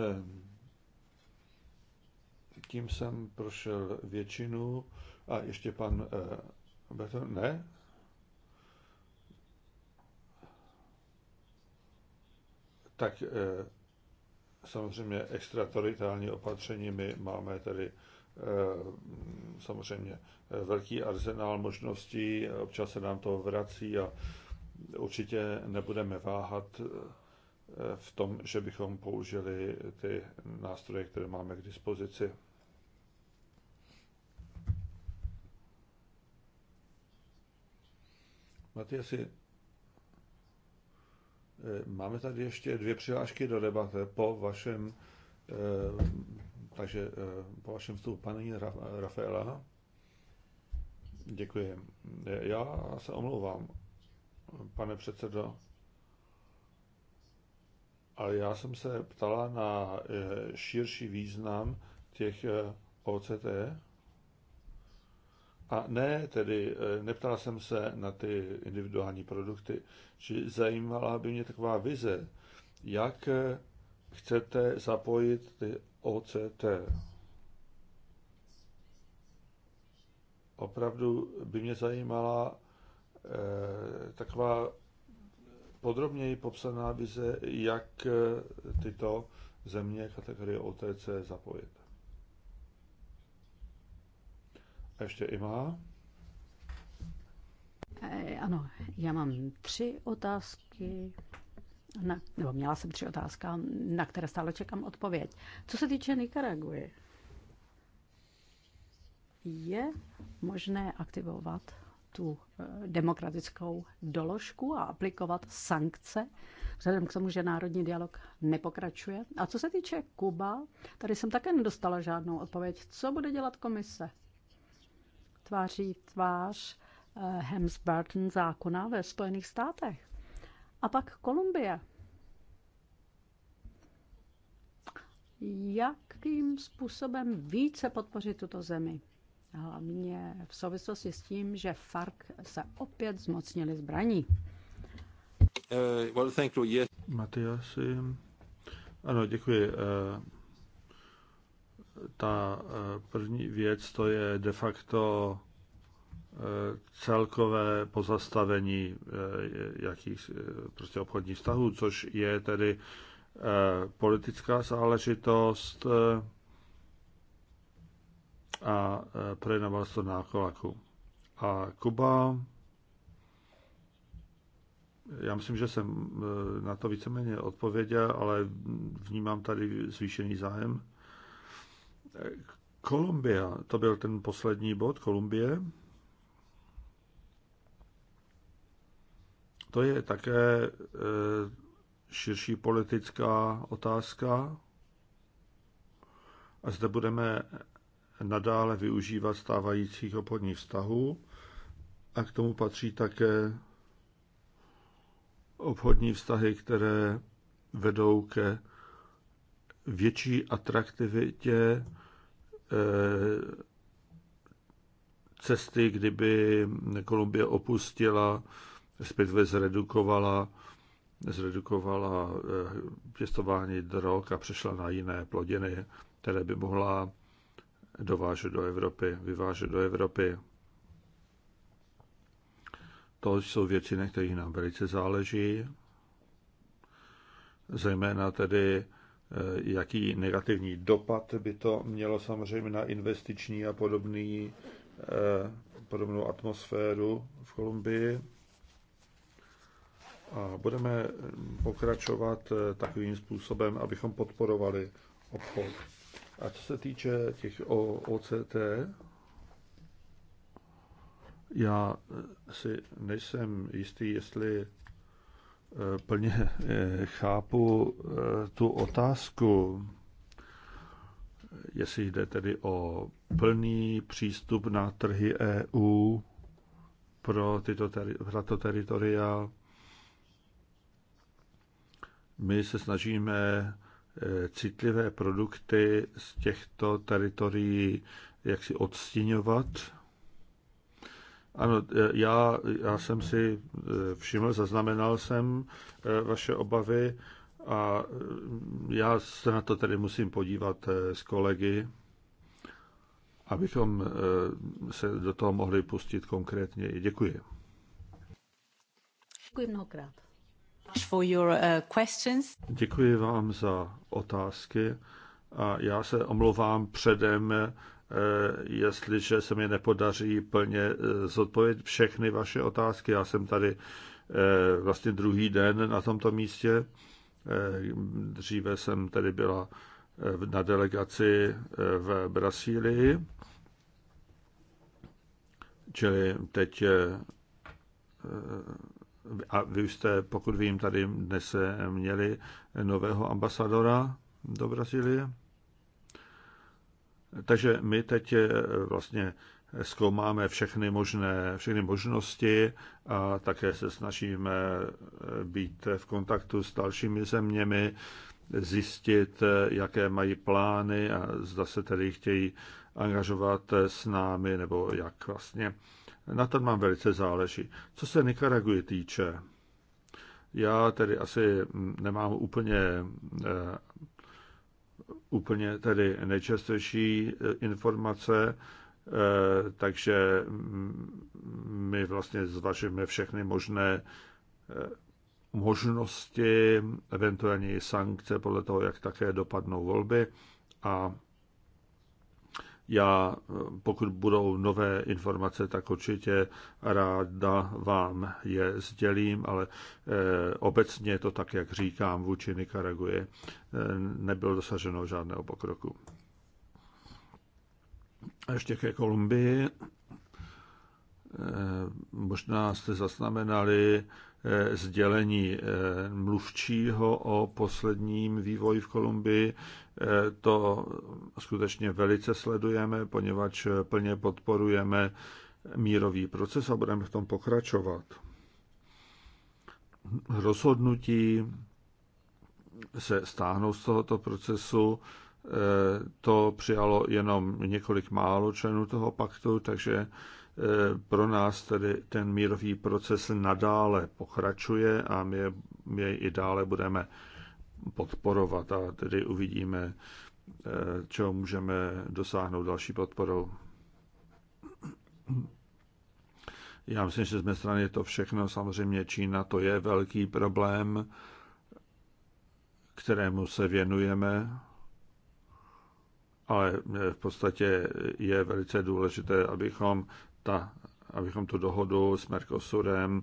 tím jsem prošel většinu a ještě pan eh, Beton, ne? Tak eh, samozřejmě extratoritální opatření my máme tady eh, samozřejmě velký arzenál možností, občas se nám to vrací a určitě nebudeme váhat v tom, že bychom použili ty nástroje, které máme k dispozici. Matiasi, eh, máme tady ještě dvě přihlášky do debaty po vašem, eh, takže eh, po vašem vstupu paní Rafaela. Děkuji. Já se omlouvám, pane předsedo, ale já jsem se ptala na širší význam těch OCT, e. A ne, tedy e, neptal jsem se na ty individuální produkty, či zajímala by mě taková vize, jak e, chcete zapojit ty OCT. Opravdu by mě zajímala eh, taková podrobněji popsaná vize, jak e, tyto země kategorie OTC zapojit. Ještě i má. Eh, ano, já mám tři otázky, na, nebo měla jsem tři otázky, na které stále čekám odpověď. Co se týče Nikaraguji, je možné aktivovat tu eh, demokratickou doložku a aplikovat sankce, vzhledem k tomu, že národní dialog nepokračuje. A co se týče Kuba, tady jsem také nedostala žádnou odpověď. Co bude dělat komise? tváří tvář eh, Hems Burton zákona ve Spojených státech. A pak Kolumbie. Jakým způsobem více podpořit tuto zemi? Hlavně v souvislosti s tím, že FARC se opět zmocnili zbraní. Uh, well, thank you. Yes. Matyasi. Ano, děkuji. Uh ta eh, první věc, to je de facto eh, celkové pozastavení eh, jakých prostě obchodních vztahů, což je tedy politická záležitost a projednával se to na kolaku. A Kuba, já myslím, že jsem na to víceméně odpověděl, ale vnímám tady zvýšený zájem. Kolumbia, to byl ten poslední bod, Kolumbie. To je také eh, širší politická otázka. A zde budeme nadále využívat stávajících obchodních vztahů. A k tomu patří také obchodní vztahy, které vedou ke větší atraktivitě Eh, cesty, kdyby Kolumbie opustila, respektive zredukovala, zredukovala eh, pěstování drog a přešla na jiné plodiny, které by mohla dovážet do Evropy, vyvážet do Evropy. To jsou věci, na kterých nám velice záleží, zejména tedy Eh, jaký negativní dopad by to mělo samozřejmě na investiční a podobný, eh, podobnou atmosféru v Kolumbii. A budeme pokračovat eh, takovým způsobem, abychom podporovali obchod. A co se týče těch OCT, já si nejsem jistý, jestli Eh, plně eh, chápu eh, tu otázku, jestli jde tedy o plný přístup na trhy EU pro tyto teri- tato teritoria. My se snažíme citlivé produkty z těchto teritorií jaksi odstěňovat ano, e, já, já jsem si e, všiml, zaznamenal jsem e, vaše obavy a já se na to tedy musím podívat s kolegy, abychom se do toho mohli pustit konkrétně. Děkuji. Děkuji mnohokrát. For your uh, questions. Děkuji vám za otázky a já se omlouvám předem Eh, jestliže se mi nepodaří plně eh, zodpovědět všechny vaše otázky. Já jsem tady eh, vlastně druhý den na tomto místě. Dříve jsem tedy byla na delegaci v Brazílii, čili teď a vy jste, pokud vím, tady dnes měli nového ambasadora do Brazílie. Takže my teď eh, vlastně eh, zkoumáme všechny, možné, všechny možnosti a také se snažíme eh, být v kontaktu s dalšími zeměmi, zjistit, jaké mají plány a zda se tedy chtějí angažovat s námi, nebo jak vlastně. Na tom mám velice záleží. Co se Nikaragui týče, já tedy asi mm, nemám úplně úplně tedy nejčastější eh, informace, eh, takže mm, my vlastně zvažujeme všechny možné eh, možnosti, eventuální sankce podle toho, jak také dopadnou volby a já, pokud budou nové informace, tak určitě ráda vám je sdělím, ale eh, obecně to tak, jak říkám, vůči Nikaraguje eh, nebylo dosaženo žádného pokroku. A ještě ke Kolumbii. Eh, možná jste zaznamenali, Eh, sdělení eh, mluvčího o posledním vývoji v Kolumbii. Eh, to skutečně velice sledujeme, poněvadž plně podporujeme mírový proces a budeme v tom pokračovat. Rozhodnutí se stáhnout z tohoto procesu to přijalo jenom několik málo členů toho paktu, takže Eh, pro nás tedy ten mírový proces nadále pokračuje a my, my i dále budeme podporovat a tedy uvidíme, eh, čeho můžeme dosáhnout další podporou. Já myslím, že z mé strany je to všechno. Samozřejmě Čína to je velký problém, kterému se věnujeme, ale eh, v podstatě je velice důležité, abychom ta, abychom tu dohodu s Mercosurem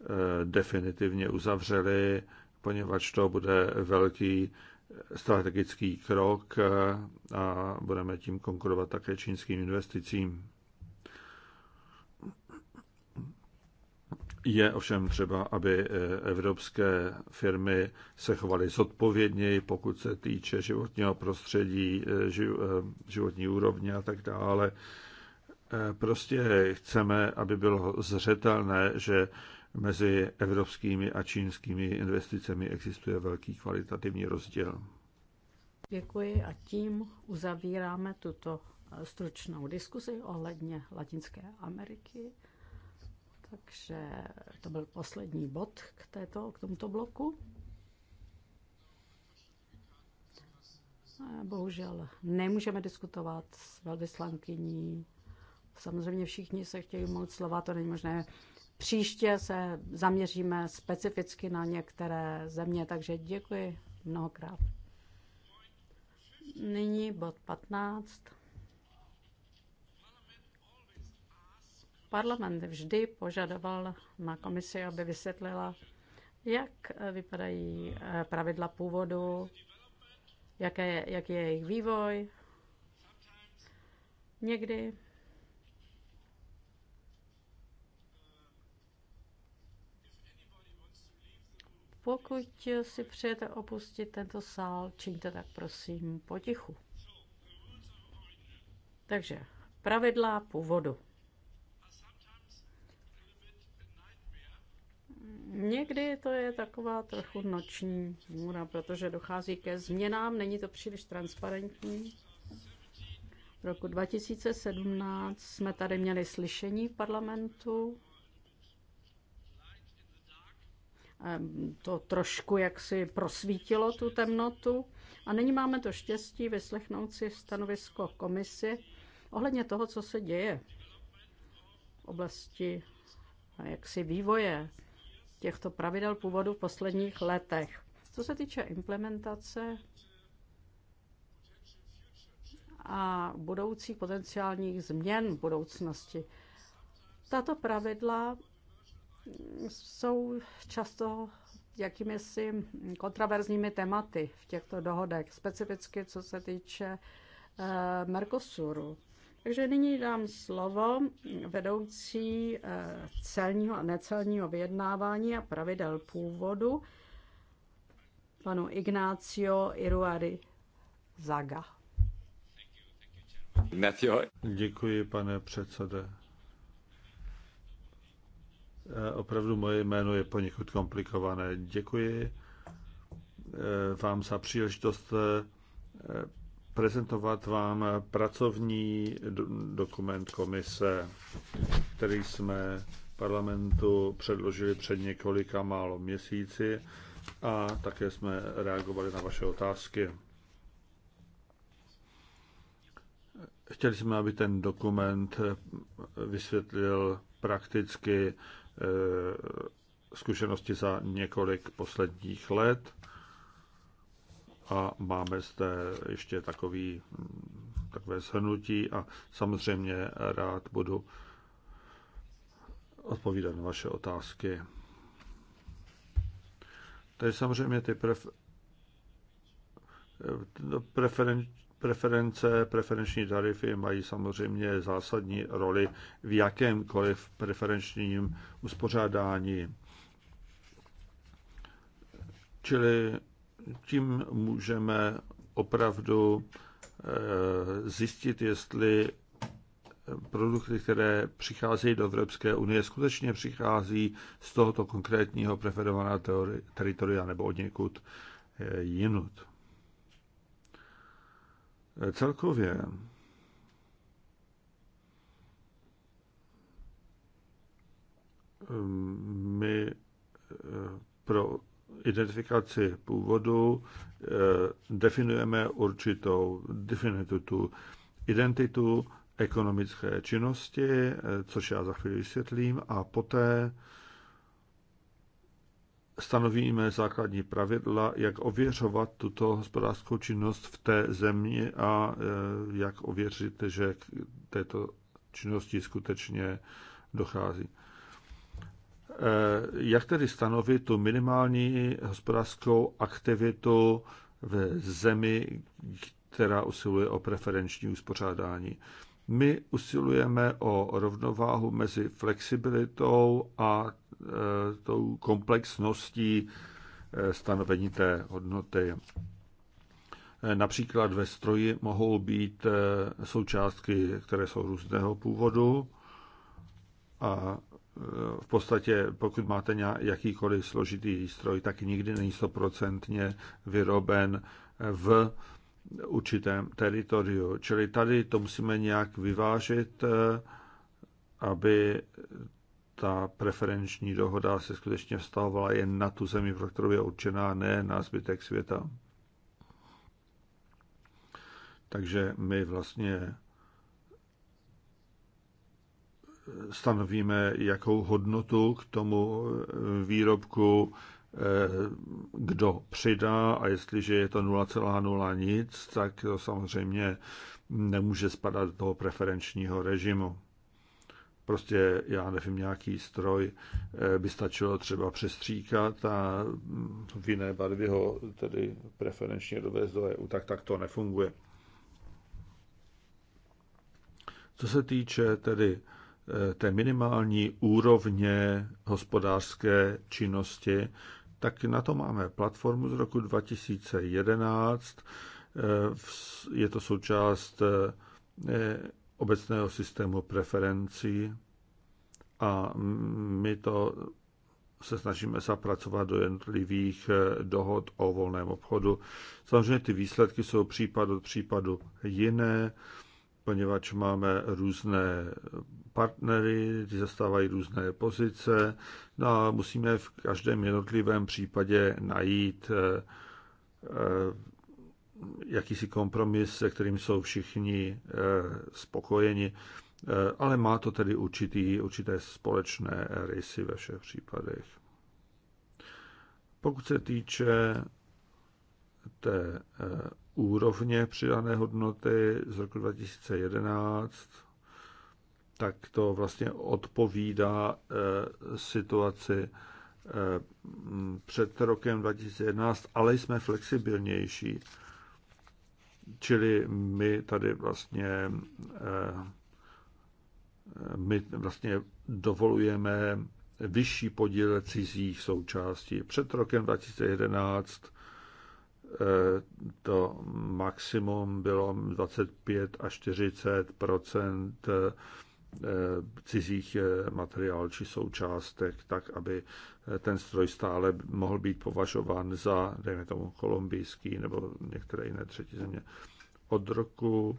eh, definitivně uzavřeli, poněvadž to bude velký eh, strategický krok eh, a budeme tím konkurovat také čínským investicím. Je ovšem třeba, aby evropské firmy se chovaly zodpovědněji, pokud se týče životního prostředí, životní úrovně a tak dále. Eh, prostě chceme, aby bylo zřetelné, že mezi evropskými a čínskými investicemi existuje velký kvalitativní rozdíl. Děkuji a tím uzavíráme tuto eh, stručnou diskusi ohledně Latinské Ameriky. Takže to byl poslední bod k, této, k tomuto bloku. Eh, bohužel nemůžeme diskutovat s velvyslankyní Samozřejmě všichni se chtějí moc slova, to není možné. Příště se zaměříme specificky na některé země, takže děkuji mnohokrát. Nyní bod 15. Parlament vždy požadoval na komisi, aby vysvětlila, jak vypadají eh, pravidla původu, jaké, jaký je jejich vývoj. Někdy Pokud si přejete opustit tento sál, čiňte tak prosím potichu. Takže pravidla původu. Někdy to je taková trochu noční můra, protože dochází ke změnám, není to příliš transparentní. V roku 2017 jsme tady měli slyšení v parlamentu to trošku jaksi prosvítilo tu temnotu. A nyní máme to štěstí vyslechnout si stanovisko komisi ohledně toho, co se děje v oblasti jaksi vývoje těchto pravidel původu v posledních letech. Co se týče implementace a budoucích potenciálních změn v budoucnosti, tato pravidla jsou často jakými si kontraverzními tématy v těchto dohodech, specificky co se týče eh, Mercosuru. Takže nyní dám slovo vedoucí eh, celního a necelního vyjednávání a pravidel původu panu Ignacio Iruari Zaga. Děkuji, pane předsede. Eh, opravdu moje jméno je poněkud komplikované. Děkuji eh, vám za příležitost eh, prezentovat vám pracovní dokument komise, který jsme parlamentu předložili před několika málo měsíci a také jsme reagovali na vaše otázky. Chtěli jsme, aby ten dokument vysvětlil prakticky Eh, zkušenosti za několik posledních let a máme zde ještě takový, hm, takové shrnutí a samozřejmě rád budu odpovídat na vaše otázky. Tady samozřejmě ty prefer- eh, no, preferenční Preference, preferenční tarify mají samozřejmě zásadní roli v jakémkoliv preferenčním uspořádání. Čili tím můžeme opravdu eh, zjistit, jestli produkty, které přicházejí do Evropské unie, skutečně přichází z tohoto konkrétního preferovaného teritoria nebo od někud eh, jinut. Celkově my eh, pro identifikaci původu eh, definujeme určitou definitu tu identitu ekonomické činnosti, eh, což já za chvíli vysvětlím, a poté stanovíme základní pravidla, jak ověřovat tuto hospodářskou činnost v té zemi a eh, jak ověřit, že k této činnosti skutečně dochází. Eh, jak tedy stanovit tu minimální hospodářskou aktivitu v zemi, která usiluje o preferenční uspořádání? My usilujeme o rovnováhu mezi flexibilitou a e, tou komplexností e, stanovení té hodnoty. E, například ve stroji mohou být e, součástky, které jsou různého původu a e, v podstatě, pokud máte jakýkoliv složitý stroj, tak nikdy není stoprocentně vyroben v určitém teritoriu. Čili tady to musíme nějak vyvážit, eh, aby ta preferenční dohoda se skutečně vztahovala jen na tu zemi, pro kterou je určená, ne na zbytek světa. Takže my vlastně eh, stanovíme, jakou hodnotu k tomu eh, výrobku Eh, kdo přidá a jestliže je to 0,0 nic, tak to samozřejmě nemůže spadat do toho preferenčního režimu. Prostě, já nevím, nějaký stroj eh, by stačilo třeba přestříkat a v jiné barvě ho tedy preferenčně dovést do EU, tak, tak to nefunguje. Co se týče tedy eh, té minimální úrovně hospodářské činnosti, tak na to máme platformu z roku 2011. Eh, je to součást eh, obecného systému preferencí a my to se snažíme zapracovat do jednotlivých eh, dohod o volném obchodu. Samozřejmě ty výsledky jsou případ od případu jiné, poněvadž máme různé partnery, ty zastávají různé pozice no a musíme v každém jednotlivém případě najít eh, eh, jakýsi kompromis, se kterým jsou všichni eh, spokojeni, ale má to tedy určitý, určité společné rysy ve všech případech. Pokud se týče té úrovně přidané hodnoty z roku 2011, tak to vlastně odpovídá eh, situaci eh, před rokem 2011, ale jsme flexibilnější. Čili my tady vlastně eh, my vlastně dovolujeme vyšší podíl cizích součástí. Před rokem 2011 to maximum bylo 25 až 40 Eh, cizích eh, materiálů či součástek, tak aby eh, ten stroj stále mohl být považován za, dejme tomu, kolumbijský nebo některé jiné třetí země. Od roku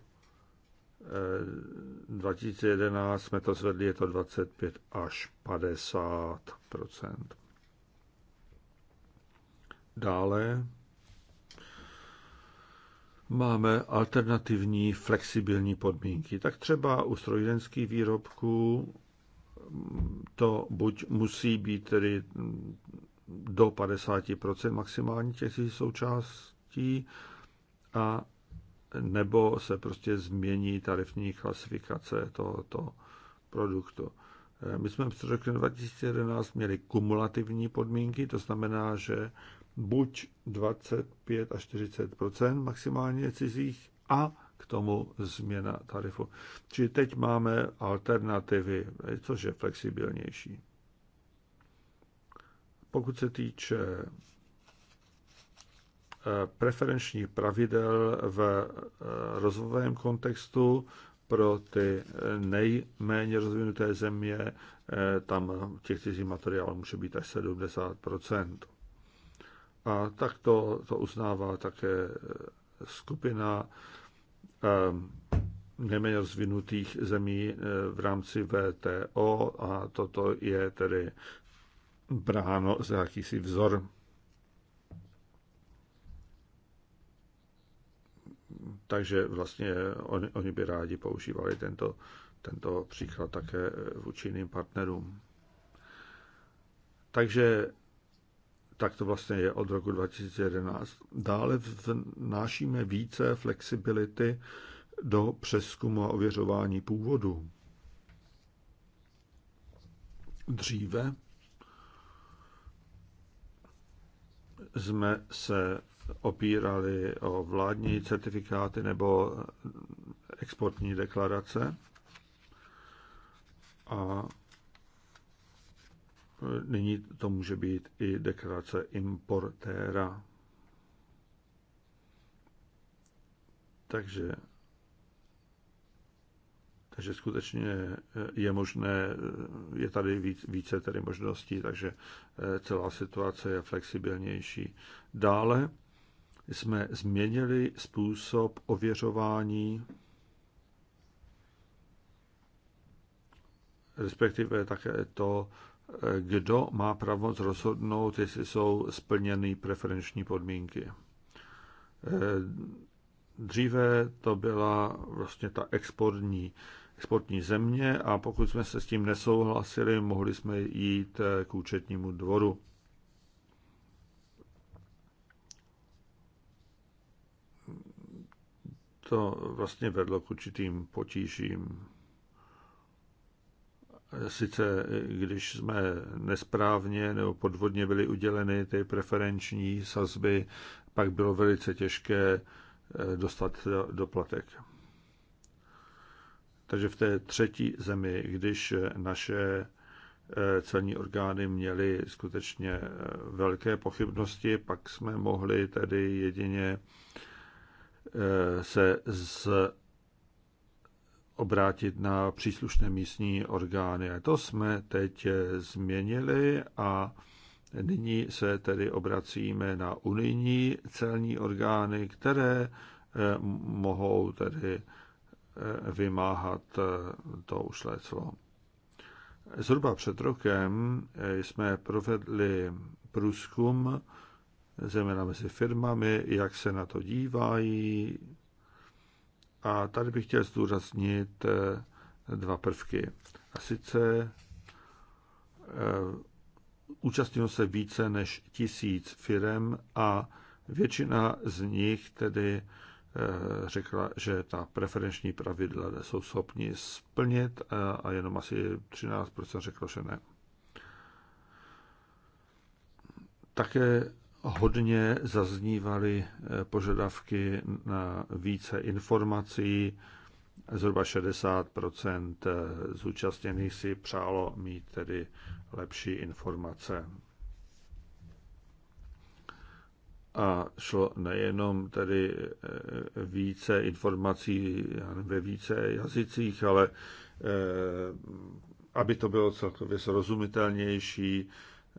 2011 jsme to zvedli, je to 25 až 50 Dále máme alternativní flexibilní podmínky. Tak třeba u strojírenských výrobků to buď musí být tedy do 50% maximální těch součástí a nebo se prostě změní tarifní klasifikace tohoto produktu. My jsme v roce 2011 měli kumulativní podmínky, to znamená, že buď 25 až 40 maximálně cizích a k tomu změna tarifu. Čili teď máme alternativy, což je flexibilnější. Pokud se týče eh, preferenčních pravidel v eh, rozvojovém kontextu pro ty eh, nejméně rozvinuté země, tam těch cizích materiálů může být až 70 a tak to, to uznává také skupina ehm, nejméně rozvinutých zemí eh, v rámci VTO a toto je tedy bráno za jakýsi vzor. Takže vlastně oni, oni by rádi používali tento, tento příklad také vůči jiným partnerům. Takže tak to vlastně je od roku 2011. Dále vnášíme více flexibility do přeskumu a ověřování původu. Dříve jsme se opírali o vládní certifikáty nebo exportní deklarace a Nyní to může být i deklarace importéra. Takže, takže skutečně eh, je možné, eh, je tady víc, více tady možností, takže eh, celá situace je flexibilnější. Dále jsme změnili způsob ověřování respektive také to, kdo má právo rozhodnout, jestli jsou splněny preferenční podmínky. Eh, dříve to byla vlastně ta exportní, exportní země a pokud jsme se s tím nesouhlasili, mohli jsme jít eh, k účetnímu dvoru. To vlastně vedlo k určitým potížím sice když jsme nesprávně nebo podvodně byly uděleny ty preferenční sazby, pak bylo velice těžké eh, dostat doplatek. Takže v té třetí zemi, když naše eh, celní orgány měly skutečně eh, velké pochybnosti, pak jsme mohli tedy jedině se z obrátit na příslušné místní orgány. a To jsme teď změnili a nyní se tedy obracíme na unijní celní orgány, které eh, mohou tedy eh, vymáhat eh, to ušlé clo. Zhruba před rokem jsme provedli průzkum zejména mezi firmami, jak se na to dívají, a tady bych chtěl zdůraznit eh, dva prvky. A sice eh, účastnilo se více než tisíc firem a většina z nich tedy eh, řekla, že ta preferenční pravidla jsou schopni splnit a jenom asi 13% řeklo, že ne. Také hodně zaznívaly eh, požadavky na více informací. Zhruba 60 eh, zúčastněných si přálo mít tedy lepší informace. A šlo nejenom tedy eh, více informací ve více jazycích, ale aby to bylo celkově srozumitelnější,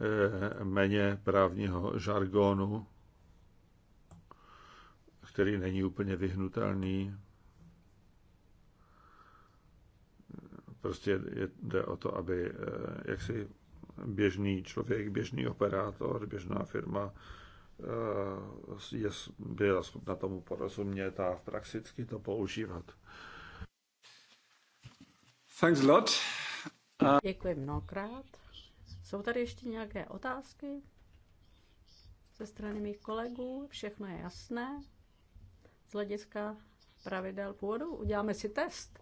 Eh, méně právního žargonu, který není úplně vyhnutelný. Prostě jde o to, aby eh, jaksi běžný člověk, běžný operátor, běžná firma eh, je, byla schopna tomu porozumět a prakticky to používat. Thanks a lot. Děkuji mnohokrát. Jsou tady ještě nějaké otázky ze strany mých kolegů? Všechno je jasné. Z hlediska pravidel původu uděláme si test.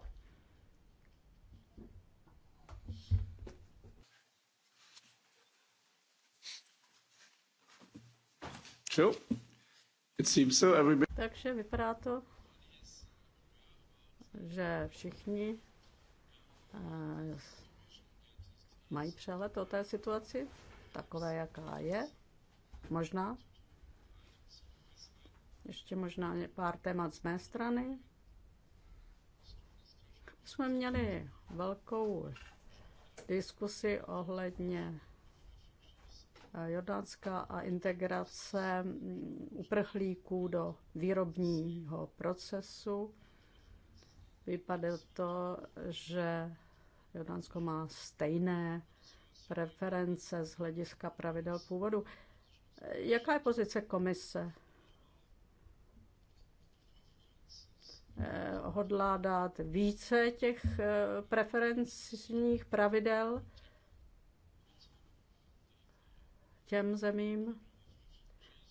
it seems so everybody... Takže vypadá to, že všichni uh, Mají přehled o té situaci, takové, jaká je? Možná? Ještě možná pár témat z mé strany. My jsme měli velkou diskusi ohledně eh, Jordánska a integrace mm, uprchlíků do výrobního procesu. Vypadá to, že Jordánsko má stejné preference z hlediska pravidel původu. Jaká je pozice komise? Eh, hodlá dát více těch eh, preferenčních pravidel těm zemím,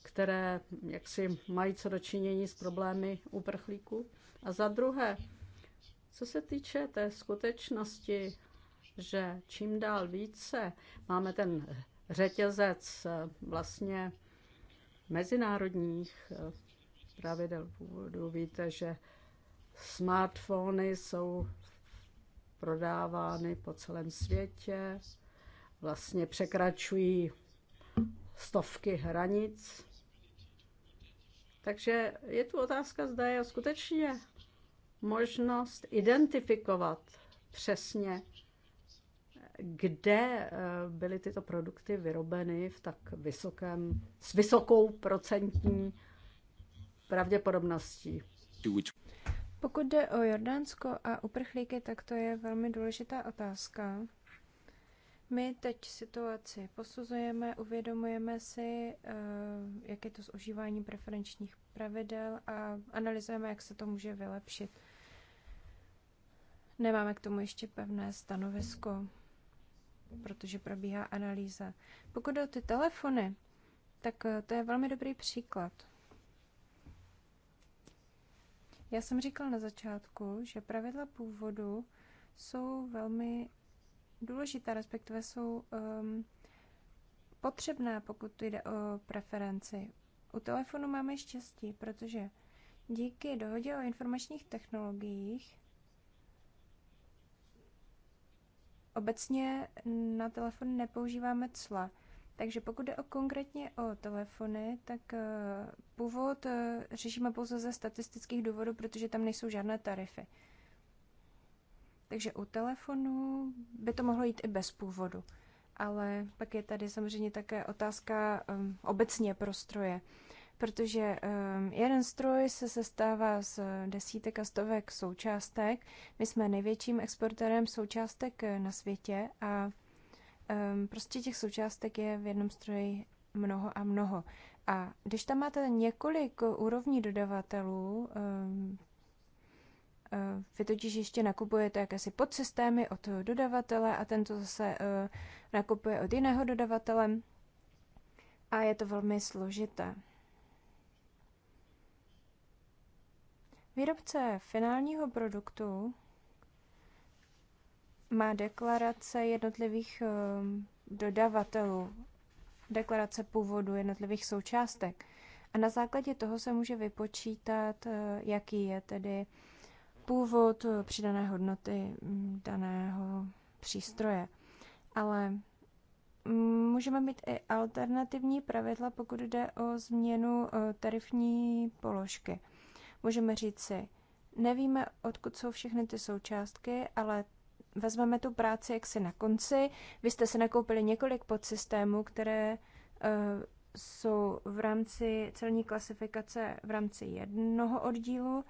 které jaksi mají co dočinění s problémy uprchlíků? A za druhé, co se týče té skutečnosti, že čím dál více máme ten řetězec eh, vlastně mezinárodních eh, pravidel původu, víte, že smartfony jsou prodávány po celém světě, vlastně překračují stovky hranic. Takže je tu otázka, zda je skutečně možnost identifikovat přesně, kde eh, byly tyto produkty vyrobeny v tak vysokém, s vysokou procentní pravděpodobností. Pokud jde o Jordánsko a uprchlíky, tak to je velmi důležitá otázka. My teď situaci posuzujeme, uvědomujeme si, eh, jak je to s užíváním preferenčních pravidel a analyzujeme, jak se to může vylepšit. Nemáme k tomu ještě pevné stanovisko, protože probíhá analýza. Pokud jde o ty telefony, tak eh, to je velmi dobrý příklad. Já jsem říkal na začátku, že pravidla původu jsou velmi důležitá, respektive jsou um, potřebná, pokud jde o preferenci. U telefonu máme štěstí, protože díky dohodě o informačních technologiích Obecně na telefon nepoužíváme cla. Takže pokud jde o konkrétně o telefony, tak eh, původ eh, řešíme pouze ze statistických důvodů, protože tam nejsou žádné tarify. Takže u telefonu by to mohlo jít i bez původu. Ale pak je tady samozřejmě také otázka ehm, obecně pro stroje protože ehm, jeden stroj se sestává z desítek a stovek součástek. My jsme největším exportérem součástek eh, na světě a ehm, prostě těch součástek je v jednom stroji mnoho a mnoho. A když tam máte několik eh, úrovní dodavatelů, ehm, eh, vy totiž ještě nakupujete jakési podsystémy od dodavatele a tento zase nakupuje od jiného dodavatele a je to velmi složité. Výrobce finálního produktu má deklarace jednotlivých ehm, dodavatelů, deklarace původu jednotlivých součástek. A na základě toho se může vypočítat, eh, jaký je tedy původ eh, přidané hodnoty hm, daného přístroje. Ale můžeme mít i alternativní pravidla, pokud jde o změnu eh, tarifní položky. Můžeme říct si, nevíme, odkud jsou všechny ty součástky, ale vezmeme tu práci jaksi na konci. Vy jste se nakoupili několik podsystémů, které uh, jsou v rámci celní klasifikace v rámci jednoho oddílu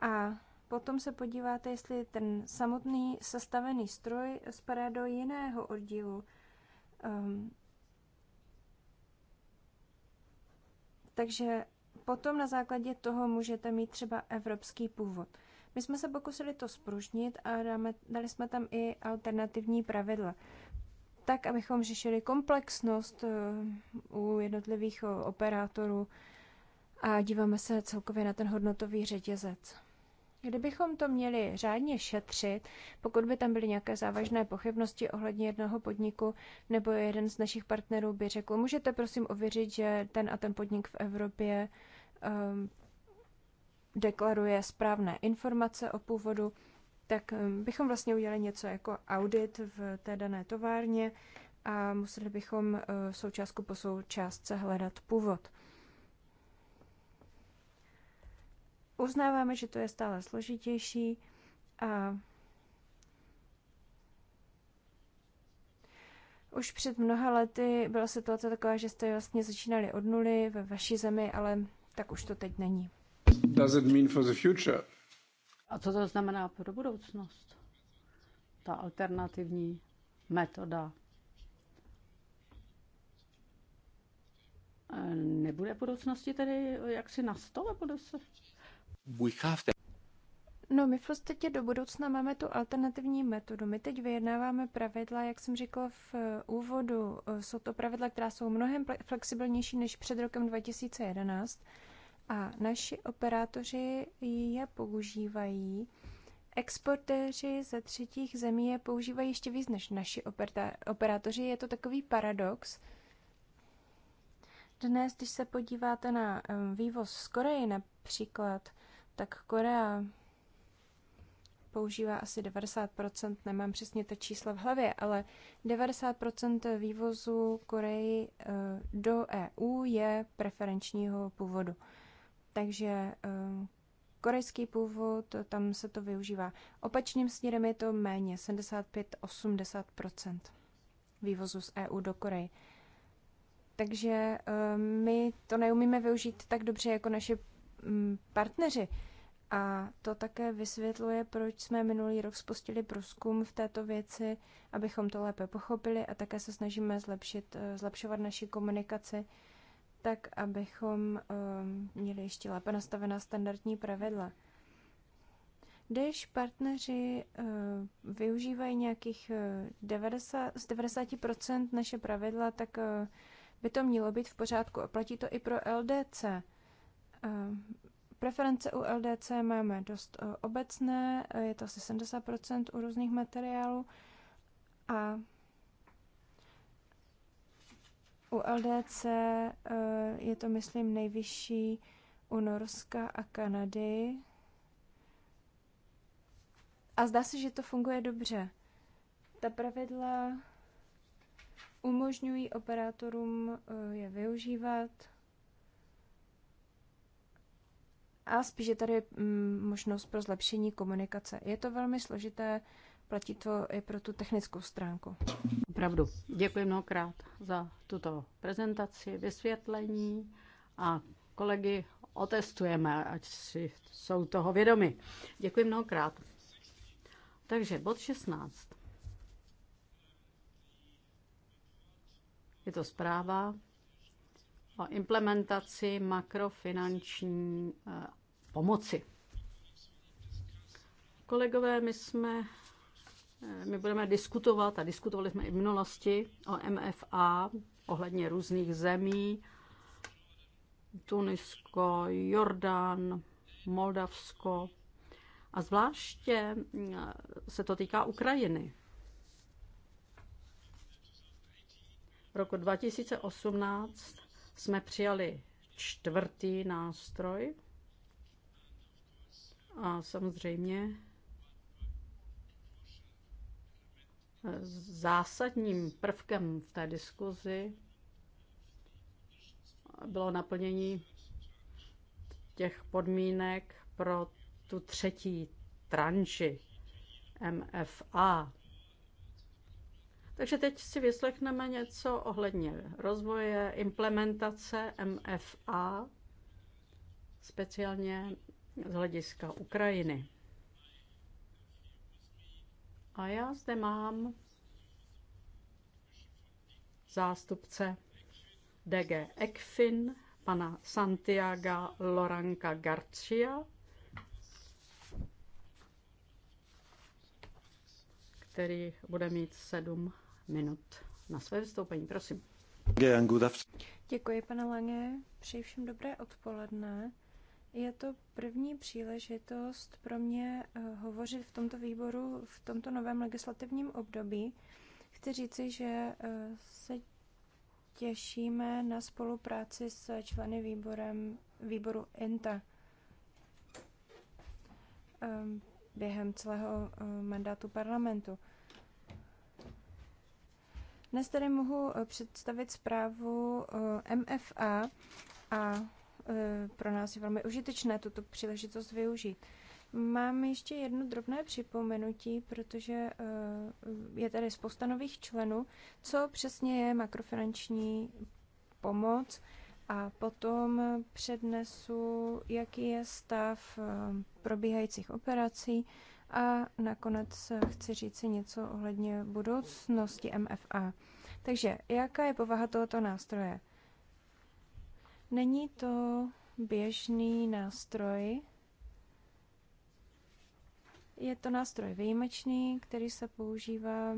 a potom se podíváte, jestli ten samotný sestavený stroj spadá do jiného oddílu. Um, takže potom na základě toho můžete mít třeba evropský původ. My jsme se pokusili to spružnit a dáme, dali jsme tam i alternativní pravidla. Tak, abychom řešili komplexnost eh, u jednotlivých eh, operátorů a díváme se celkově na ten hodnotový řetězec. Kdybychom to měli řádně šetřit, pokud by tam byly nějaké závažné pochybnosti ohledně jednoho podniku, nebo jeden z našich partnerů by řekl, můžete prosím ověřit, že ten a ten podnik v Evropě Ehm, deklaruje správné informace o původu, tak ehm, bychom vlastně udělali něco jako audit v té dané továrně a museli bychom eh, součástku po součástce hledat původ. Uznáváme, že to je stále složitější a Už před mnoha lety byla situace taková, že jste vlastně začínali od nuly ve vaší zemi, ale tak už to teď není. Does it mean for the future? A co to znamená pro budoucnost? Ta alternativní metoda e, nebude v budoucnosti tedy jaksi na stole? Bude se... We have to... No, my v podstatě do budoucna máme tu alternativní metodu. My teď vyjednáváme pravidla, jak jsem říkala v e, úvodu, e, jsou to pravidla, která jsou mnohem flexibilnější než před rokem 2011 a naši operátoři je používají. Exportéři ze třetích zemí je používají ještě víc než naši operátoři. Je to takový paradox. Dnes, když se podíváte na vývoz z Koreji například, tak Korea používá asi 90%, nemám přesně ta čísla v hlavě, ale 90% vývozu Koreji e, do EU je preferenčního původu. Takže eh, korejský původ, tam se to využívá. Opačným směrem je to méně, 75-80 vývozu z EU do Koreji. Takže eh, my to neumíme využít tak dobře jako naši mm, partneři. A to také vysvětluje, proč jsme minulý rok spustili průzkum v této věci, abychom to lépe pochopili a také se snažíme zlepšit, eh, zlepšovat naši komunikaci tak abychom ehm, měli ještě lépe nastavená standardní pravidla. Když partneři eh, využívají nějakých 90, eh, z 90% naše pravidla, tak eh, by to mělo být v pořádku a platí to i pro LDC. Ehm, preference u LDC máme dost obecné, je to asi 70% u různých materiálů a u LDC eh, je to, myslím, nejvyšší u Norska a Kanady. A zdá se, že to funguje dobře. Ta pravidla umožňují operátorům eh, je využívat. A spíš je tady mm, možnost pro zlepšení komunikace. Je to velmi složité, platí to i pro tu technickou stránku pravdu. Děkuji mnohokrát za tuto prezentaci, vysvětlení a kolegy otestujeme, ať si jsou toho vědomi. Děkuji mnohokrát. Takže bod 16. Je to zpráva o implementaci makrofinanční eh, pomoci. Kolegové, my jsme my budeme diskutovat, a diskutovali jsme i v minulosti, o MFA ohledně různých zemí, Tunisko, Jordán, Moldavsko. A zvláště eh, se to týká Ukrajiny. V roku 2018 jsme přijali čtvrtý nástroj a samozřejmě Zásadním prvkem v té diskuzi bylo naplnění těch podmínek pro tu třetí tranži MFA. Takže teď si vyslechneme něco ohledně rozvoje, implementace MFA, speciálně z hlediska Ukrajiny. A já zde mám zástupce DG ECFIN, pana Santiago Loranka Garcia, který bude mít sedm minut na své vystoupení. Prosím. Děkuji, pane Lange. Přeji všem dobré odpoledne. Je to první příležitost pro mě eh, hovořit v tomto výboru v tomto novém legislativním období. Chci říci, že eh, se těšíme na spolupráci s členy výborem, výboru INTA ehm, během celého eh, mandátu parlamentu. Dnes tady mohu představit zprávu MFA a Eh, pro nás je velmi užitečné tuto příležitost využít. Mám ještě jedno drobné připomenutí, protože eh, je tady spousta nových členů, co přesně je makrofinanční pomoc a potom přednesu, jaký je stav eh, probíhajících operací a nakonec chci říct si něco ohledně budoucnosti MFA. Takže jaká je povaha tohoto nástroje? Není to běžný nástroj. Je to nástroj výjimečný, který se používá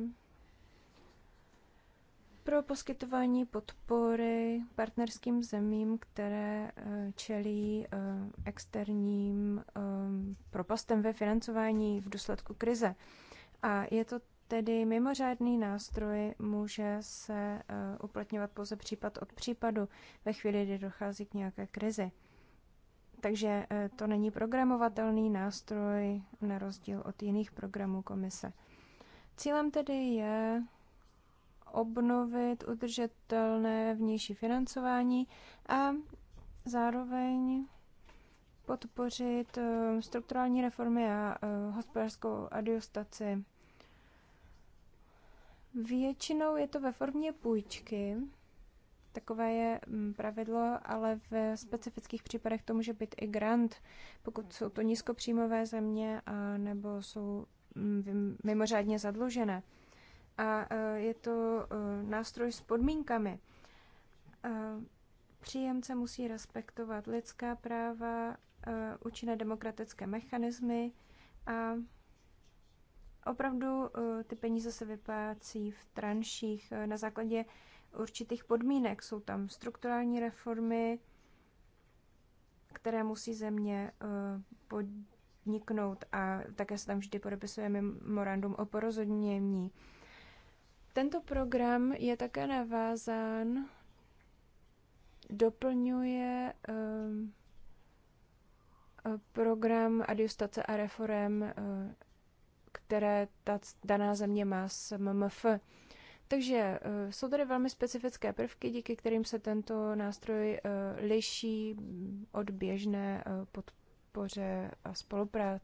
pro poskytování podpory partnerským zemím, které eh, čelí eh, externím eh, propastem ve financování v důsledku krize. A je to Tedy mimořádný nástroj může se eh, uplatňovat pouze případ od případu ve chvíli, kdy dochází k nějaké krizi. Takže eh, to není programovatelný nástroj na rozdíl od jiných programů komise. Cílem tedy je obnovit udržitelné vnější financování a zároveň podpořit eh, strukturální reformy a hospodářskou adiostaci Většinou je to ve formě půjčky, takové je mm, pravidlo, ale v specifických případech to může být i grant, pokud jsou to nízkopříjmové země a nebo jsou mm, mimořádně zadlužené. A e, je to e, nástroj s podmínkami. E, příjemce musí respektovat lidská práva, účinné demokratické mechanismy a Opravdu eh, ty peníze se vyplácí v tranších eh, na základě určitých podmínek. Jsou tam strukturální reformy, které musí země eh, podniknout a také se tam vždy podepisuje memorandum o porozumění. Tento program je také navázán, doplňuje program adjustace a reform které ta daná země má s MMF. Takže eh, jsou tady velmi specifické prvky, díky kterým se tento nástroj eh, liší od běžné eh, podpoře a spolupráce,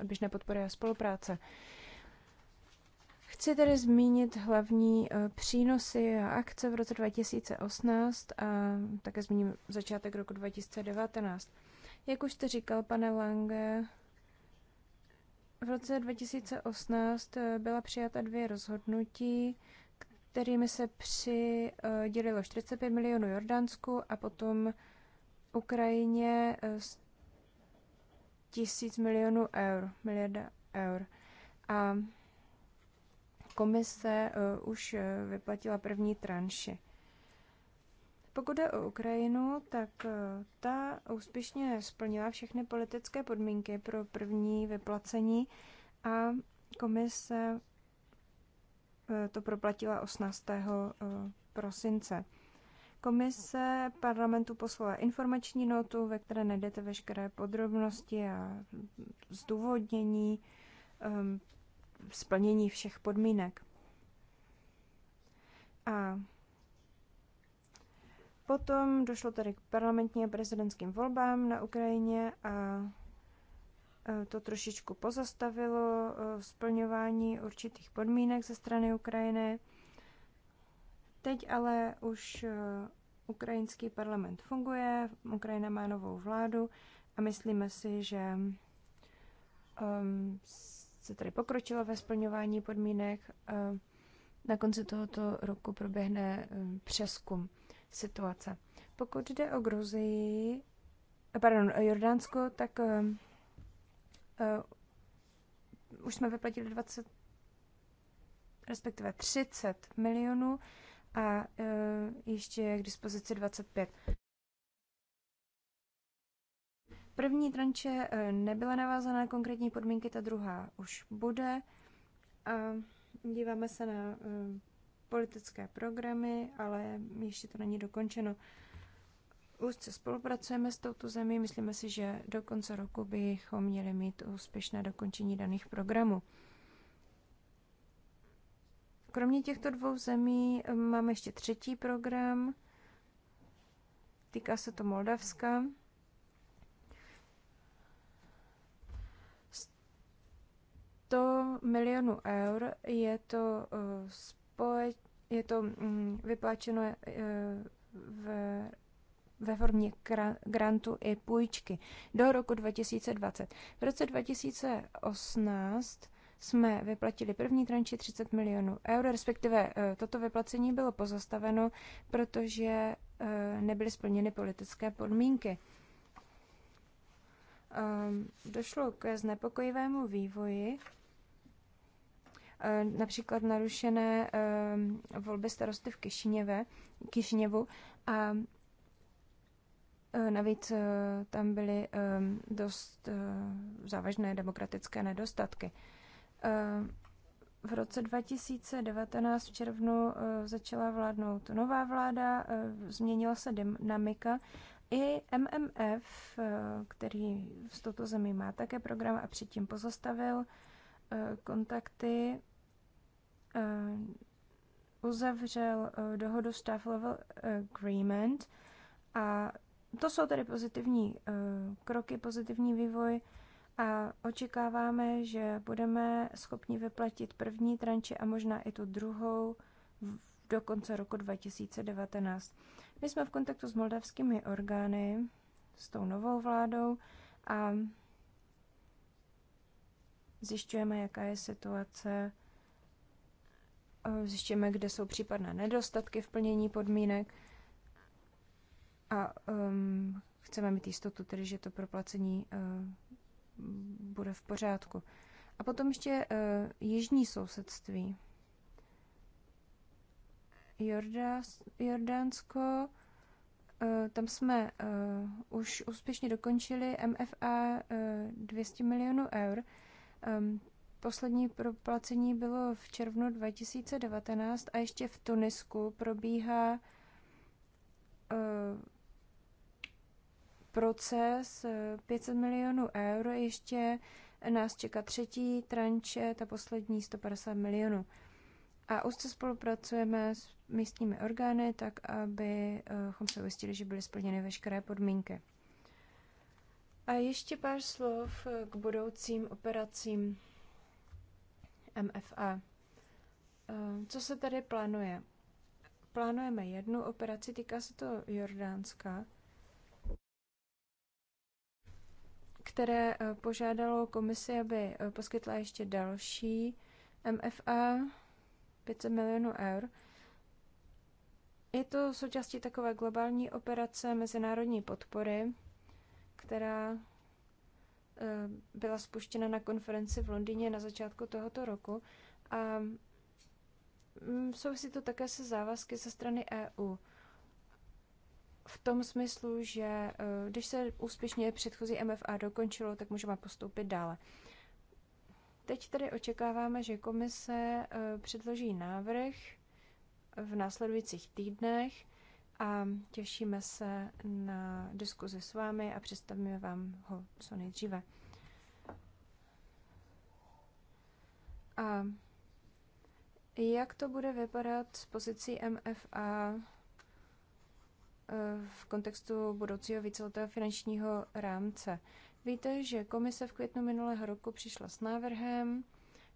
od běžné podpory a spolupráce. Chci tedy zmínit hlavní přínosy a akce v roce 2018 a také zmíním začátek roku 2019. Jak už jste říkal, pane Lange, v roce 2018 eh, byla přijata dvě rozhodnutí, kterými se přidělilo 45 milionů Jordánsku a potom Ukrajině 1000 eh, milionů eur, miliarda eur. A komise eh, už vyplatila první tranši. Pokud jde o Ukrajinu, tak eh, ta úspěšně splnila všechny politické podmínky pro první vyplacení a komise eh, to proplatila 18. Eh, prosince. Komise parlamentu poslala informační notu, ve které najdete veškeré podrobnosti a zdůvodnění ehm, splnění všech podmínek. A Potom došlo tady k parlamentní a prezidentským volbám na Ukrajině a e, to trošičku pozastavilo e, splňování určitých podmínek ze strany Ukrajiny. Teď ale už e, ukrajinský parlament funguje, Ukrajina má novou vládu a myslíme si, že se tady pokročilo ve splňování podmínek. Na konci tohoto roku proběhne přeskum situace. Pokud jde o Gruzii, pardon, o Jordánsko, tak uh, uh, už jsme vyplatili 20, respektive 30 milionů a uh, ještě je k dispozici 25. První tranče nebyla navázaná konkrétní podmínky, ta druhá už bude. A díváme se na politické programy, ale ještě to není dokončeno. Úzce spolupracujeme s touto zemí, myslíme si, že do konce roku bychom měli mít úspěšné dokončení daných programů. Kromě těchto dvou zemí eh, máme ještě třetí program, týká se to Moldavska. To milionů eur je to eh, je to mm, vypláčeno e, v, ve formě grantu i půjčky do roku 2020. V roce 2018 jsme vyplatili první tranči 30 milionů eur, respektive e, toto vyplacení bylo pozastaveno, protože e, nebyly splněny politické podmínky. Ehm, došlo k znepokojivému vývoji Eh, například narušené eh, volby starosty v Kišiněve, Kišiněvu a eh, navíc tam byly dost závažné demokratické nedostatky. V roce 2019 v červnu začala vládnout nová vláda, změnila se dynamika i MMF, který s touto zemí má také program a předtím pozastavil Eh, kontakty eh, uzavřel eh, dohodu Staff Level Agreement a to jsou tedy pozitivní kroky, pozitivní vývoj a očekáváme, že budeme schopni vyplatit první tranči a možná i tu druhou do konce roku 2019. My jsme v kontaktu s moldavskými orgány, s tou novou vládou a zjišťujeme, jaká je situace, eh, zjišťujeme, kde jsou případné nedostatky v plnění podmínek a um, chceme mít jistotu, tedy, že to proplacení uh, bude v pořádku. A potom ještě uh, jižní sousedství. Jordás, Jordánsko, uh, tam jsme uh, už úspěšně dokončili MFA uh, 200 milionů eur. Ehm, poslední proplacení bylo v červnu 2019 a ještě v Tunisku probíhá ehm, proces 500 eh, milionů eur. Ještě nás čeká třetí tranče, ta poslední 150 milionů. A úzce spolupracujeme s místními orgány, tak eh, abychom se ujistili, že byly splněny veškeré podmínky. A ještě pár slov eh, k budoucím operacím MFA. Eh, co se tady plánuje? Plánujeme jednu operaci, týká se to Jordánska, které eh, požádalo komisi, aby poskytla ještě další MFA 500 milionů eur. Je to součástí takové globální operace mezinárodní podpory, která eh, byla spuštěna na konferenci v Londýně na začátku tohoto roku a jsou mm, si to také se závazky ze strany EU. V tom smyslu, že eh, když se úspěšně předchozí MFA dokončilo, tak můžeme postoupit dále. Teď tedy očekáváme, že komise eh, předloží návrh v následujících týdnech a těšíme se na diskuzi s vámi a představíme vám ho co nejdříve. A jak to bude vypadat s pozicí MFA eh, v kontextu budoucího víceletého finančního rámce? Víte, že komise v květnu minulého roku přišla s návrhem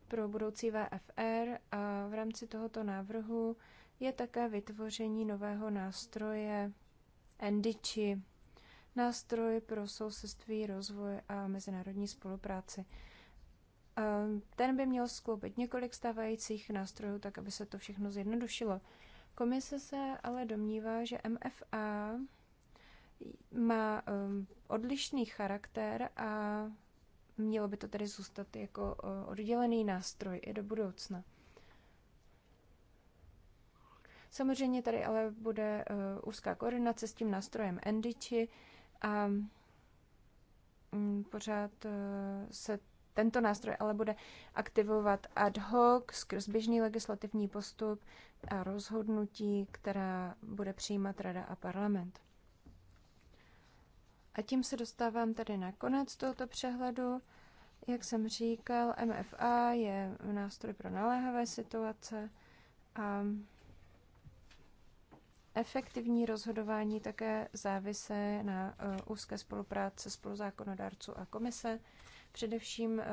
pro budoucí VFR a v rámci tohoto návrhu je také vytvoření nového nástroje NDICI, nástroj pro sousedství, rozvoj a mezinárodní spolupráci. Ten by měl skloubit několik stávajících nástrojů, tak aby se to všechno zjednodušilo. Komise se ale domnívá, že MFA má um, odlišný charakter a mělo by to tedy zůstat jako uh, oddělený nástroj i do budoucna. Samozřejmě tady ale bude eh, úzká koordinace s tím nástrojem Endichi a mm, pořád eh, se tento nástroj ale bude aktivovat ad hoc skrz běžný legislativní postup a rozhodnutí, která bude přijímat Rada a parlament. A tím se dostávám tady na konec tohoto přehledu. Jak jsem říkal, MFA je nástroj pro naléhavé situace a Efektivní rozhodování také závisí na eh, úzké spolupráce spoluzákonodárců a komise, především eh,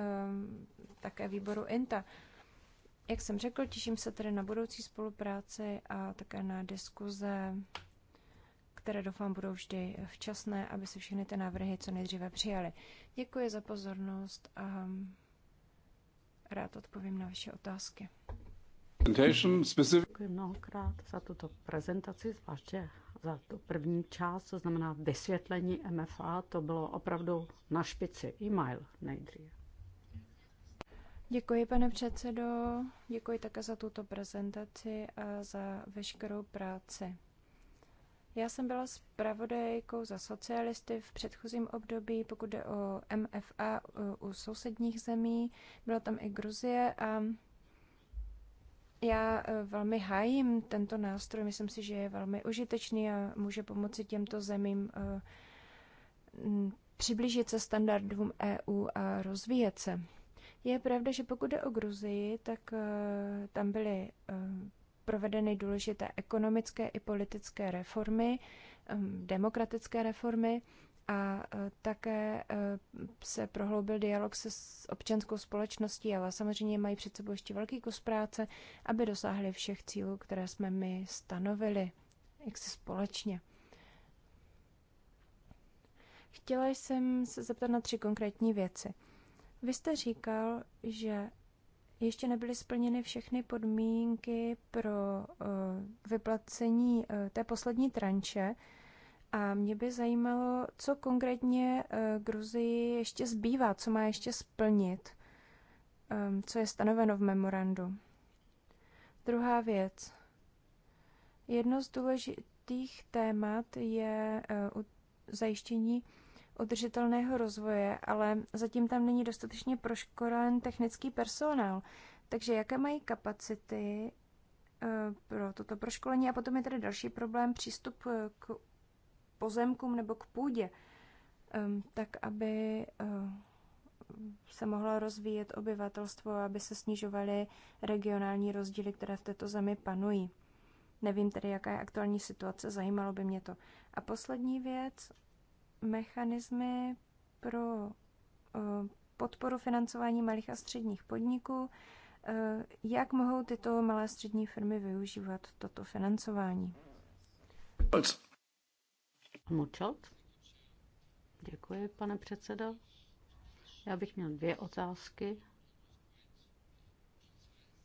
také výboru INTA. Jak jsem řekl, těším se tedy na budoucí spolupráci a také na diskuze, které doufám budou vždy včasné, aby se všechny ty návrhy co nejdříve přijaly. Děkuji za pozornost a rád odpovím na vaše otázky. Děkuji mnohokrát za tuto prezentaci, zvláště za tu první část, to znamená vysvětlení MFA, to bylo opravdu na špici, e-mail nejdřív. Děkuji, pane předsedo, děkuji také za tuto prezentaci a za veškerou práci. Já jsem byla zpravodajkou za socialisty v předchozím období, pokud jde o MFA u sousedních zemí. Byla tam i Gruzie a já eh, velmi hájím tento nástroj, myslím si, že je velmi užitečný a může pomoci těmto zemím eh, přiblížit se standardům EU a rozvíjet se. Je pravda, že pokud jde o Gruzii, tak eh, tam byly provedeny důležité ekonomické i politické reformy, ehm, demokratické reformy a e, také e, se prohloubil dialog se s občanskou společností, ale samozřejmě mají před sebou ještě velký kus práce, aby dosáhli všech cílů, které jsme my stanovili, jak se společně. Chtěla jsem se zeptat na tři konkrétní věci. Vy jste říkal, že ještě nebyly splněny všechny podmínky pro e, vyplacení té poslední tranče, a mě by zajímalo, co konkrétně eh, Gruzii ještě zbývá, co má ještě splnit, ehm, co je stanoveno v memorandu. Druhá věc. Jedno z důležitých témat je eh, zajištění udržitelného rozvoje, ale zatím tam není dostatečně proškolen technický personál. Takže jaké mají kapacity eh, pro toto proškolení? A potom je tady další problém, přístup k pozemkům nebo k půdě, tak aby eh, se mohlo rozvíjet obyvatelstvo, aby se snižovaly regionální rozdíly, které v této zemi panují. Nevím tedy, jaká je aktuální situace, zajímalo by mě to. A poslední věc, mechanismy pro eh, podporu financování malých a středních podniků. Eh, jak mohou tyto malé a střední firmy využívat toto financování? Mučot. Děkuji, pane předsedo. Já bych měl dvě otázky,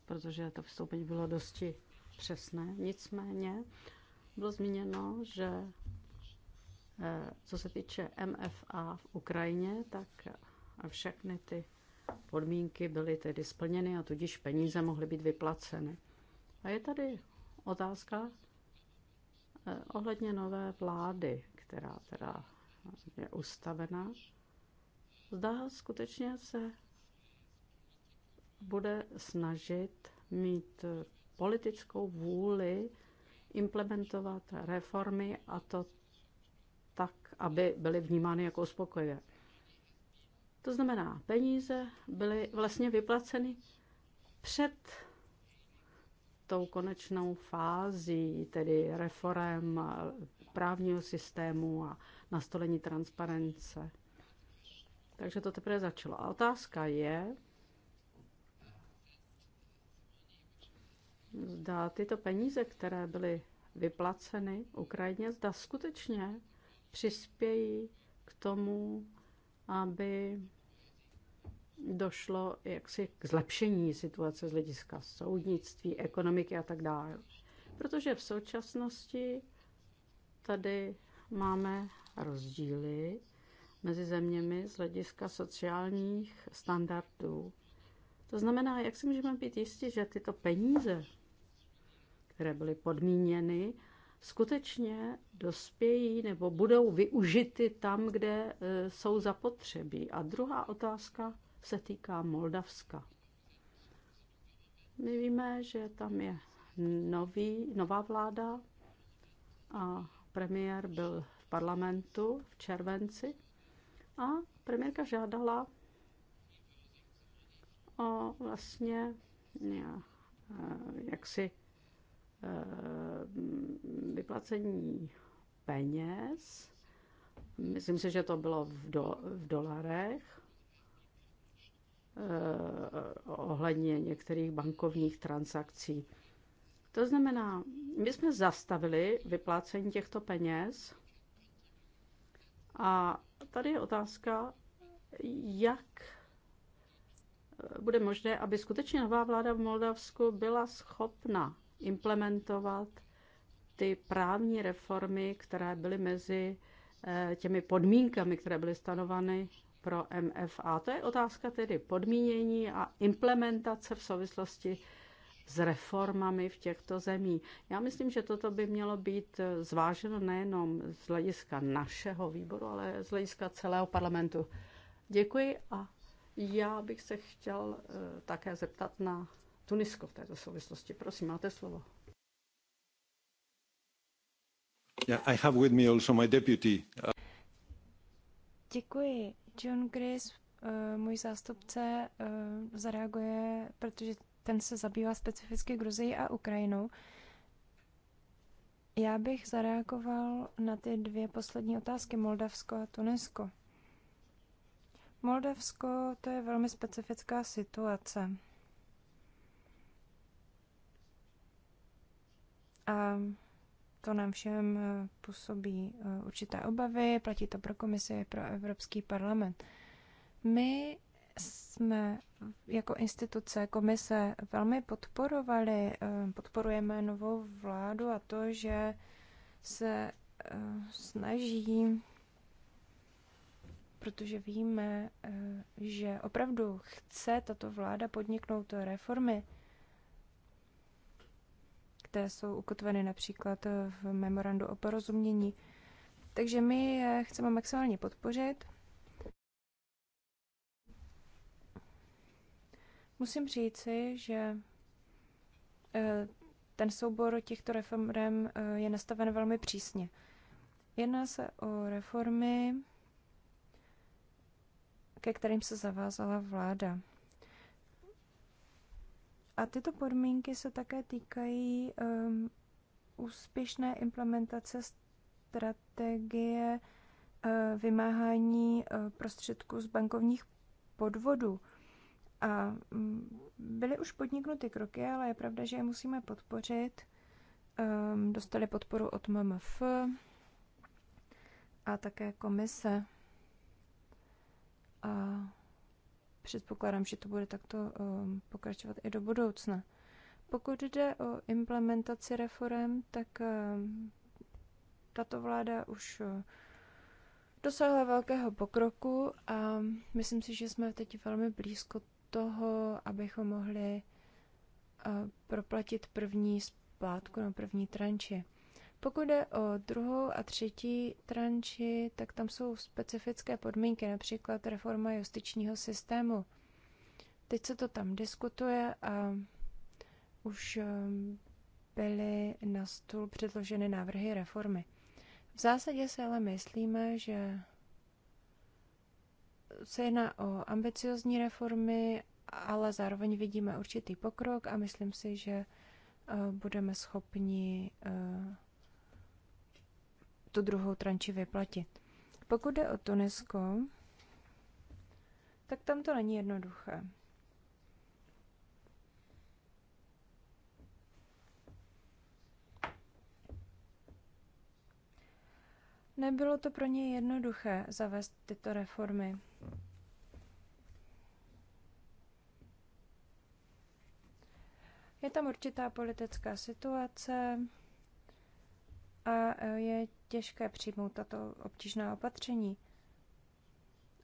protože to vystoupení bylo dosti přesné. Nicméně bylo zmíněno, že eh, co se týče MFA v Ukrajině, tak všechny ty podmínky byly tedy splněny a tudíž peníze mohly být vyplaceny. A je tady otázka eh, ohledně nové vlády která teda je ustavená, zdá skutečně se bude snažit mít politickou vůli implementovat reformy a to tak, aby byly vnímány jako uspokojivé. To znamená, peníze byly vlastně vyplaceny před tou konečnou fází, tedy reform právního systému a nastolení transparence. Takže to teprve začalo. A otázka je, zda tyto peníze, které byly vyplaceny Ukrajině, zda skutečně přispějí k tomu, aby došlo jaksi k zlepšení situace z hlediska soudnictví, ekonomiky a tak dále. Protože v současnosti Tady máme rozdíly mezi zeměmi z hlediska sociálních standardů. To znamená, jak si můžeme být jistí, že tyto peníze, které byly podmíněny, skutečně dospějí nebo budou využity tam, kde e, jsou zapotřebí. A druhá otázka se týká Moldavska. My víme, že tam je nový, nová vláda a premiér byl v parlamentu v červenci a premiérka žádala o vlastně eh, jaksi eh, vyplacení peněz. Myslím si, že to bylo v, do, v dolarech eh, ohledně některých bankovních transakcí. To znamená, my jsme zastavili vyplácení těchto peněz a tady je otázka, jak eh, bude možné, aby skutečně nová vláda v Moldavsku byla schopna implementovat ty právní reformy, které byly mezi eh, těmi podmínkami, které byly stanoveny pro MFA. To je otázka tedy podmínění a implementace v souvislosti s reformami v těchto zemí. Já myslím, že toto by mělo být eh, zváženo nejenom z hlediska našeho výboru, ale z hlediska celého parlamentu. Děkuji a já bych se chtěl eh, také zeptat na Tunisko v této souvislosti. Prosím, máte slovo. Yeah, I have with me also my deputy. Děkuji. John Chris, eh, můj zástupce, zareaguje, protože ten se zabývá specificky Gruzií a Ukrajinou. Já bych zareagoval na ty dvě poslední otázky, Moldavsko a Tunisko. Moldavsko to je velmi specifická situace. A to nám všem eh, působí eh, určité obavy, platí to pro komisi, pro Evropský parlament. My jsme jako instituce, komise velmi podporovali, eh, podporujeme novou vládu a to, že se eh, snaží, protože víme, eh, že opravdu chce tato vláda podniknout reformy, které jsou ukotveny například v memorandu o porozumění. Takže my je chceme maximálně podpořit Musím říci, že eh, ten soubor těchto reform eh, je nastaven velmi přísně. Jedná se o reformy, ke kterým se zavázala vláda. A tyto podmínky se také týkají um, úspěšné implementace strategie uh, vymáhání uh, prostředků z bankovních podvodů. A mm, byly už podniknuty kroky, ale je pravda, že je musíme podpořit. Ehm, dostali podporu od MMF a také komise. A předpokládám, že to bude takto ehm, pokračovat i do budoucna. Pokud jde o implementaci reform, tak ehm, tato vláda už eh, dosáhla velkého pokroku a myslím si, že jsme teď velmi blízko toho, abychom mohli eh, proplatit první splátku na první tranči. Pokud jde o druhou a třetí tranči, tak tam jsou specifické podmínky, například reforma justičního systému. Teď se to tam diskutuje a už eh, byly na stůl předloženy návrhy reformy. V zásadě se ale myslíme, že se jedná o ambiciozní reformy, ale zároveň vidíme určitý pokrok a myslím si, že eh, budeme schopni eh, tu druhou tranči vyplatit. Pokud jde o Tunisko, tak tam to není jednoduché. Nebylo to pro něj jednoduché zavést tyto reformy. Je tam určitá politická situace a e, je těžké přijmout tato obtížná opatření.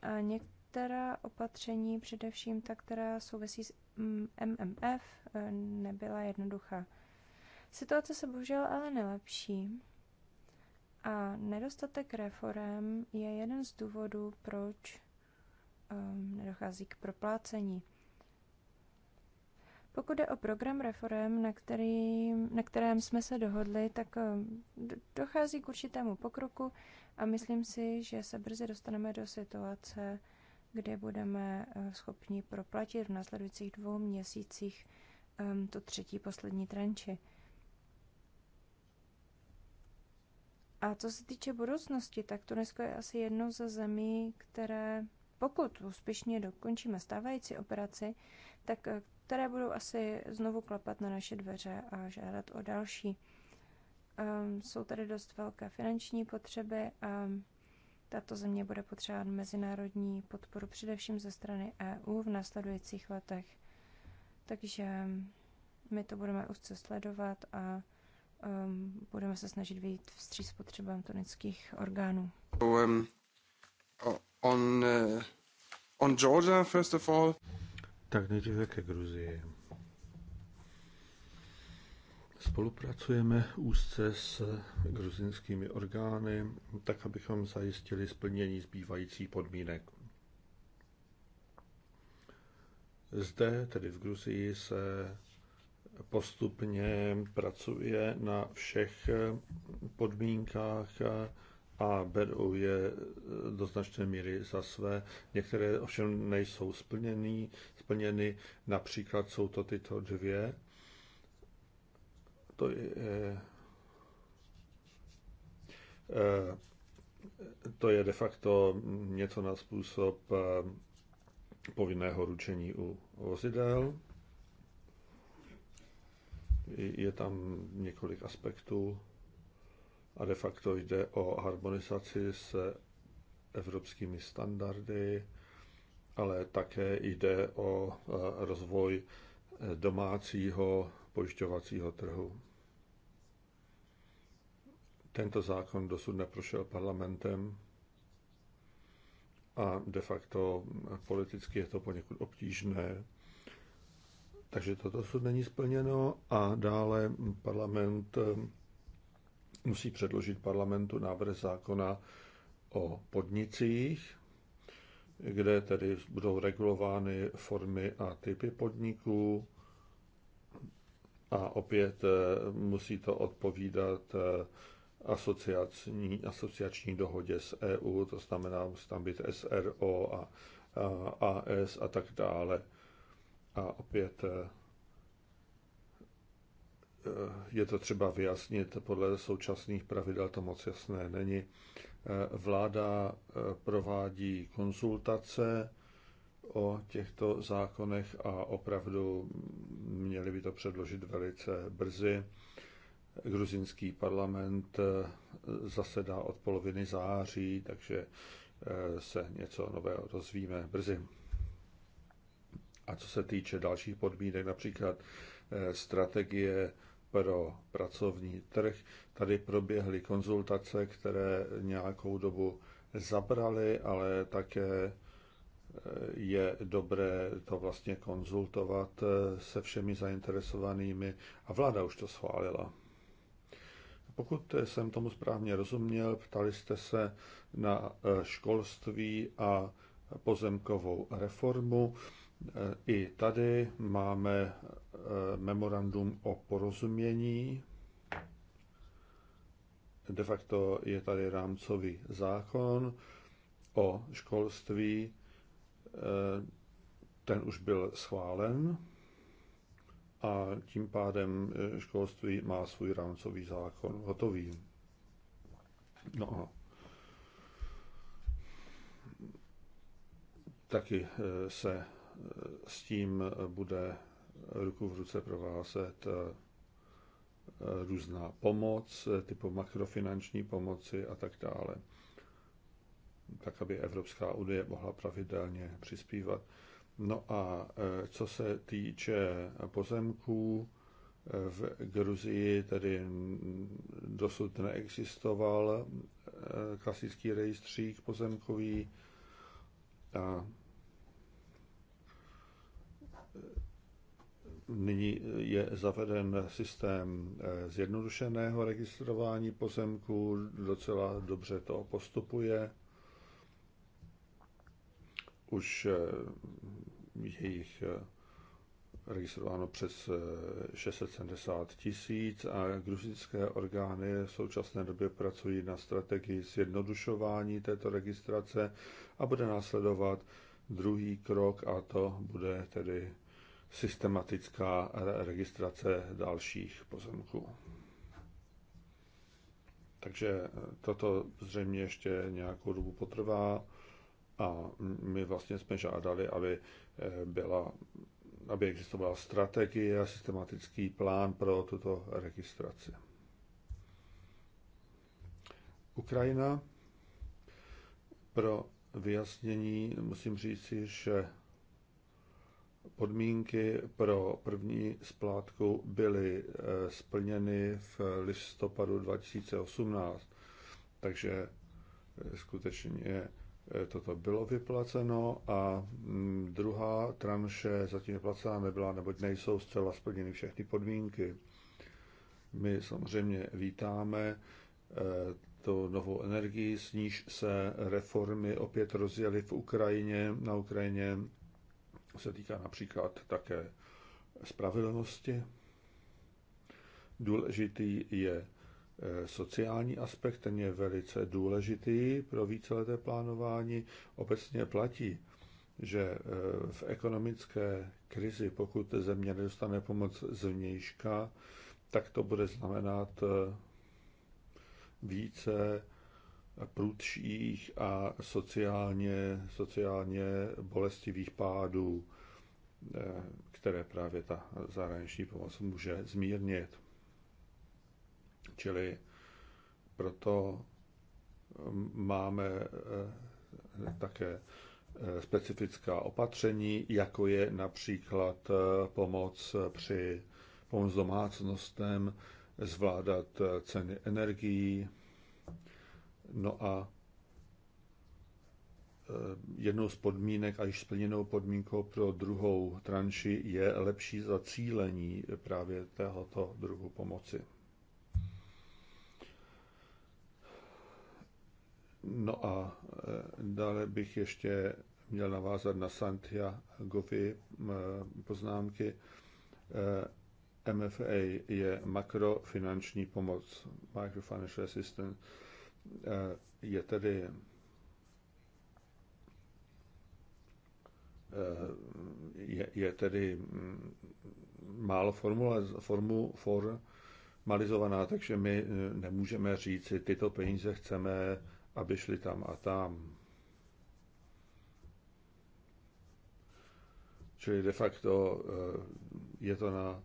A některá opatření, především ta, která souvisí s MMF, e, nebyla jednoduchá. Situace se bohužel ale nelepší. A nedostatek reform je jeden z důvodů, proč um, nedochází k proplácení. Pokud jde o program reform, na, který, na kterém jsme se dohodli, tak eh, dochází k určitému pokroku a myslím si, že se brzy dostaneme do situace, kde budeme eh, schopni proplatit v následujících dvou měsících ehm, tu třetí poslední tranči. A co se týče budoucnosti, tak Tunisko je asi jednou ze zemí, které, pokud úspěšně dokončíme stávající operaci, tak eh, které budou asi znovu klepat na naše dveře a žádat o další. Um, jsou tady dost velké finanční potřeby a tato země bude potřebovat mezinárodní podporu především ze strany EU v následujících letech. Takže my to budeme úzce sledovat a um, budeme se snažit vyjít vstříc potřebám tunických orgánů. So, um, on, uh, on Georgia, first of all. Tak nejdříve ke Gruzii. Spolupracujeme úzce s gruzinskými orgány, tak abychom zajistili splnění zbývajících podmínek. Zde, tedy v Gruzii, se postupně pracuje na všech podmínkách a berou je do značné míry za své. Některé ovšem nejsou splněny, splněny, například jsou to tyto dvě. To je, eh, to je de facto něco na způsob eh, povinného ručení u vozidel. Je tam několik aspektů a de facto jde o harmonizaci s evropskými standardy, ale také jde o e, rozvoj e, domácího pojišťovacího trhu. Tento zákon dosud neprošel parlamentem a de facto politicky je to poněkud obtížné. Takže to dosud není splněno a dále parlament e, musí předložit parlamentu návrh zákona o podnicích, kde tedy budou regulovány formy a typy podniků. A opět eh, musí to odpovídat eh, asociační, asociační dohodě s EU, to znamená, musí tam být SRO a, a AS a tak dále. A opět eh, je to třeba vyjasnit, podle současných pravidel to moc jasné není. Eh, vláda eh, provádí konsultace o těchto zákonech a opravdu měli by to předložit velice brzy. Gruzinský parlament eh, zasedá od poloviny září, takže se něco nového dozvíme brzy. A co se týče dalších podmínek, například strategie pro pracovní trh. Tady proběhly konzultace, které nějakou dobu zabraly, ale také eh, je dobré to vlastně konzultovat eh, se všemi zainteresovanými a vláda už to schválila. Pokud jsem tomu správně rozuměl, ptali jste se na eh, školství a pozemkovou reformu. I tady máme eh, memorandum o porozumění. De facto je tady rámcový zákon o školství. Eh, ten už byl schválen a tím pádem eh, školství má svůj rámcový zákon hotový. No Taky se s tím bude ruku v ruce provázet eh, různá pomoc, typu makrofinanční pomoci a tak dále. Tak, aby Evropská unie mohla pravidelně přispívat. No a eh, co se týče pozemků, eh, v Gruzii tedy dosud neexistoval klasický rejstřík pozemkový a Nyní je zaveden systém eh, zjednodušeného registrování pozemků, docela dobře to postupuje. Už eh, je jich eh, registrováno přes 670 tisíc a gruzinské orgány v současné době pracují na strategii zjednodušování této registrace a bude následovat druhý krok a to bude tedy systematická registrace dalších pozemků. Takže eh, toto zřejmě ještě nějakou dobu potrvá a my vlastně jsme žádali, aby eh, byla aby existovala strategie a systematický plán pro tuto registraci. Ukrajina pro vyjasnění musím říci, že Podmínky pro první splátku byly eh, splněny v listopadu 2018, takže eh, skutečně eh, toto bylo vyplaceno a mm, druhá tranše zatím vyplacená nebyla, neboť nejsou zcela splněny všechny podmínky. My samozřejmě vítáme tu novou energii, s níž se reformy opět rozjeli v Ukrajině, na Ukrajině se týká například také spravedlnosti. Důležitý je eh, sociální aspekt, ten je velice důležitý pro víceleté plánování. Obecně platí, že eh, v ekonomické krizi, pokud země nedostane pomoc zvnějška, tak to bude znamenat eh, více prudších a sociálně, sociálně bolestivých pádů, eh, které právě ta zahraniční pomoc může zmírnit. Čili proto mm, máme eh, také eh, specifická opatření, jako je například pomoc při pomoc domácnostem zvládat ceny energií, No a eh, jednou z podmínek a již splněnou podmínkou pro druhou tranši je lepší zacílení právě tohoto druhu pomoci. No a eh, dále bych ještě měl navázat na Santia Santiagovy eh, poznámky. MFA je makrofinanční pomoc, microfinancial assistance Eh, je tedy eh, je, je tedy mm, málo formule, formu, formalizovaná, takže my eh, nemůžeme říct, tyto peníze chceme, aby šly tam a tam. Čili de facto je to na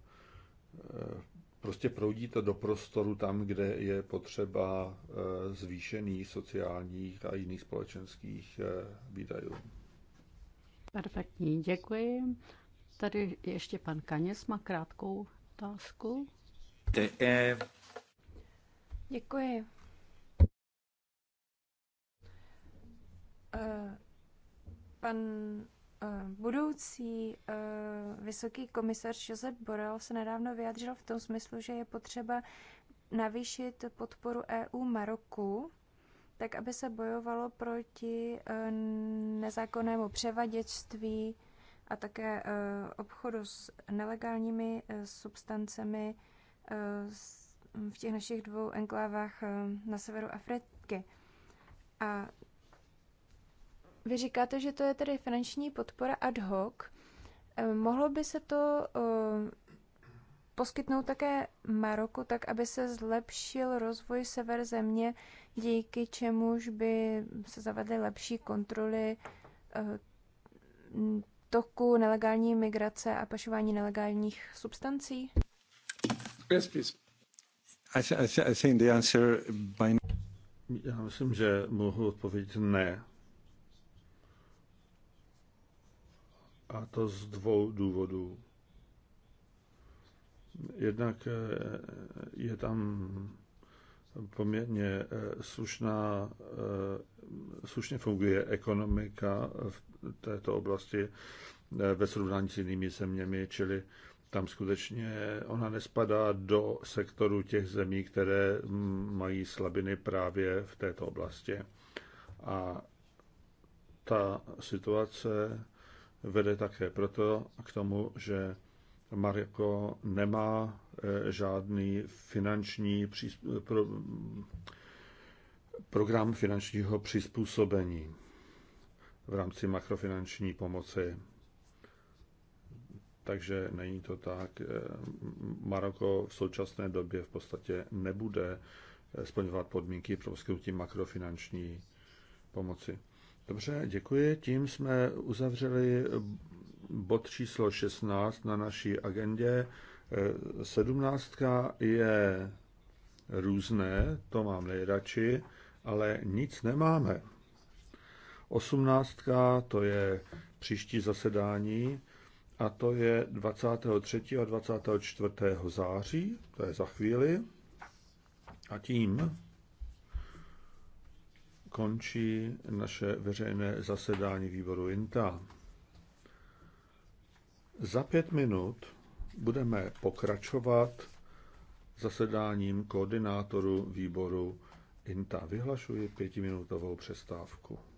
prostě proudí to do prostoru tam, kde je potřeba eh, zvýšených sociálních a jiných společenských eh, výdajů. Perfektní, děkuji. Tady ještě pan Kaněs má krátkou otázku. Děkuji. Eh, pan Eh, budoucí eh, vysoký komisař Josep Borrell se nedávno vyjádřil v tom smyslu, že je potřeba navýšit podporu EU Maroku, tak aby se bojovalo proti eh, nezákonnému převaděčství a také obchodu s nelegálními substancemi v těch našich dvou enklávách na severu Afriky. A vy říkáte, že to je tedy finanční podpora ad hoc. Eh, mohlo by se to eh, poskytnout také Maroku, tak aby se zlepšil rozvoj sever země, díky čemuž by se zavedly lepší kontroly eh, toku nelegální migrace a pašování nelegálních substancí? Yes, please. I, th- I, th- I think the answer by... Já myslím, že mohu odpovědět ne. A to z dvou důvodů. Jednak eh, je tam poměrně eh, slušná, eh, slušně funguje ekonomika v této oblasti ve srovnání s jinými zeměmi, čili tam skutečně ona nespadá do sektoru těch zemí, které mm, mají slabiny právě v této oblasti. A ta situace vede také proto k tomu, že Maroko nemá e, žádný finanční program finančního přizpůsobení v rámci makrofinanční pomoci. Takže není to tak. E, Maroko v současné době v podstatě nebude e, splňovat podmínky pro poskytnutí makrofinanční pomoci. Dobře, děkuji. Tím jsme uzavřeli bod číslo 16 na naší agendě. 17 je různé, to mám nejradši, ale nic nemáme. 18 to je příští zasedání a to je 23. a 24. září, to je za chvíli. A tím končí naše veřejné zasedání výboru INTA. Za pět minut budeme pokračovat zasedáním koordinátoru výboru INTA. Vyhlašuji pětiminutovou přestávku.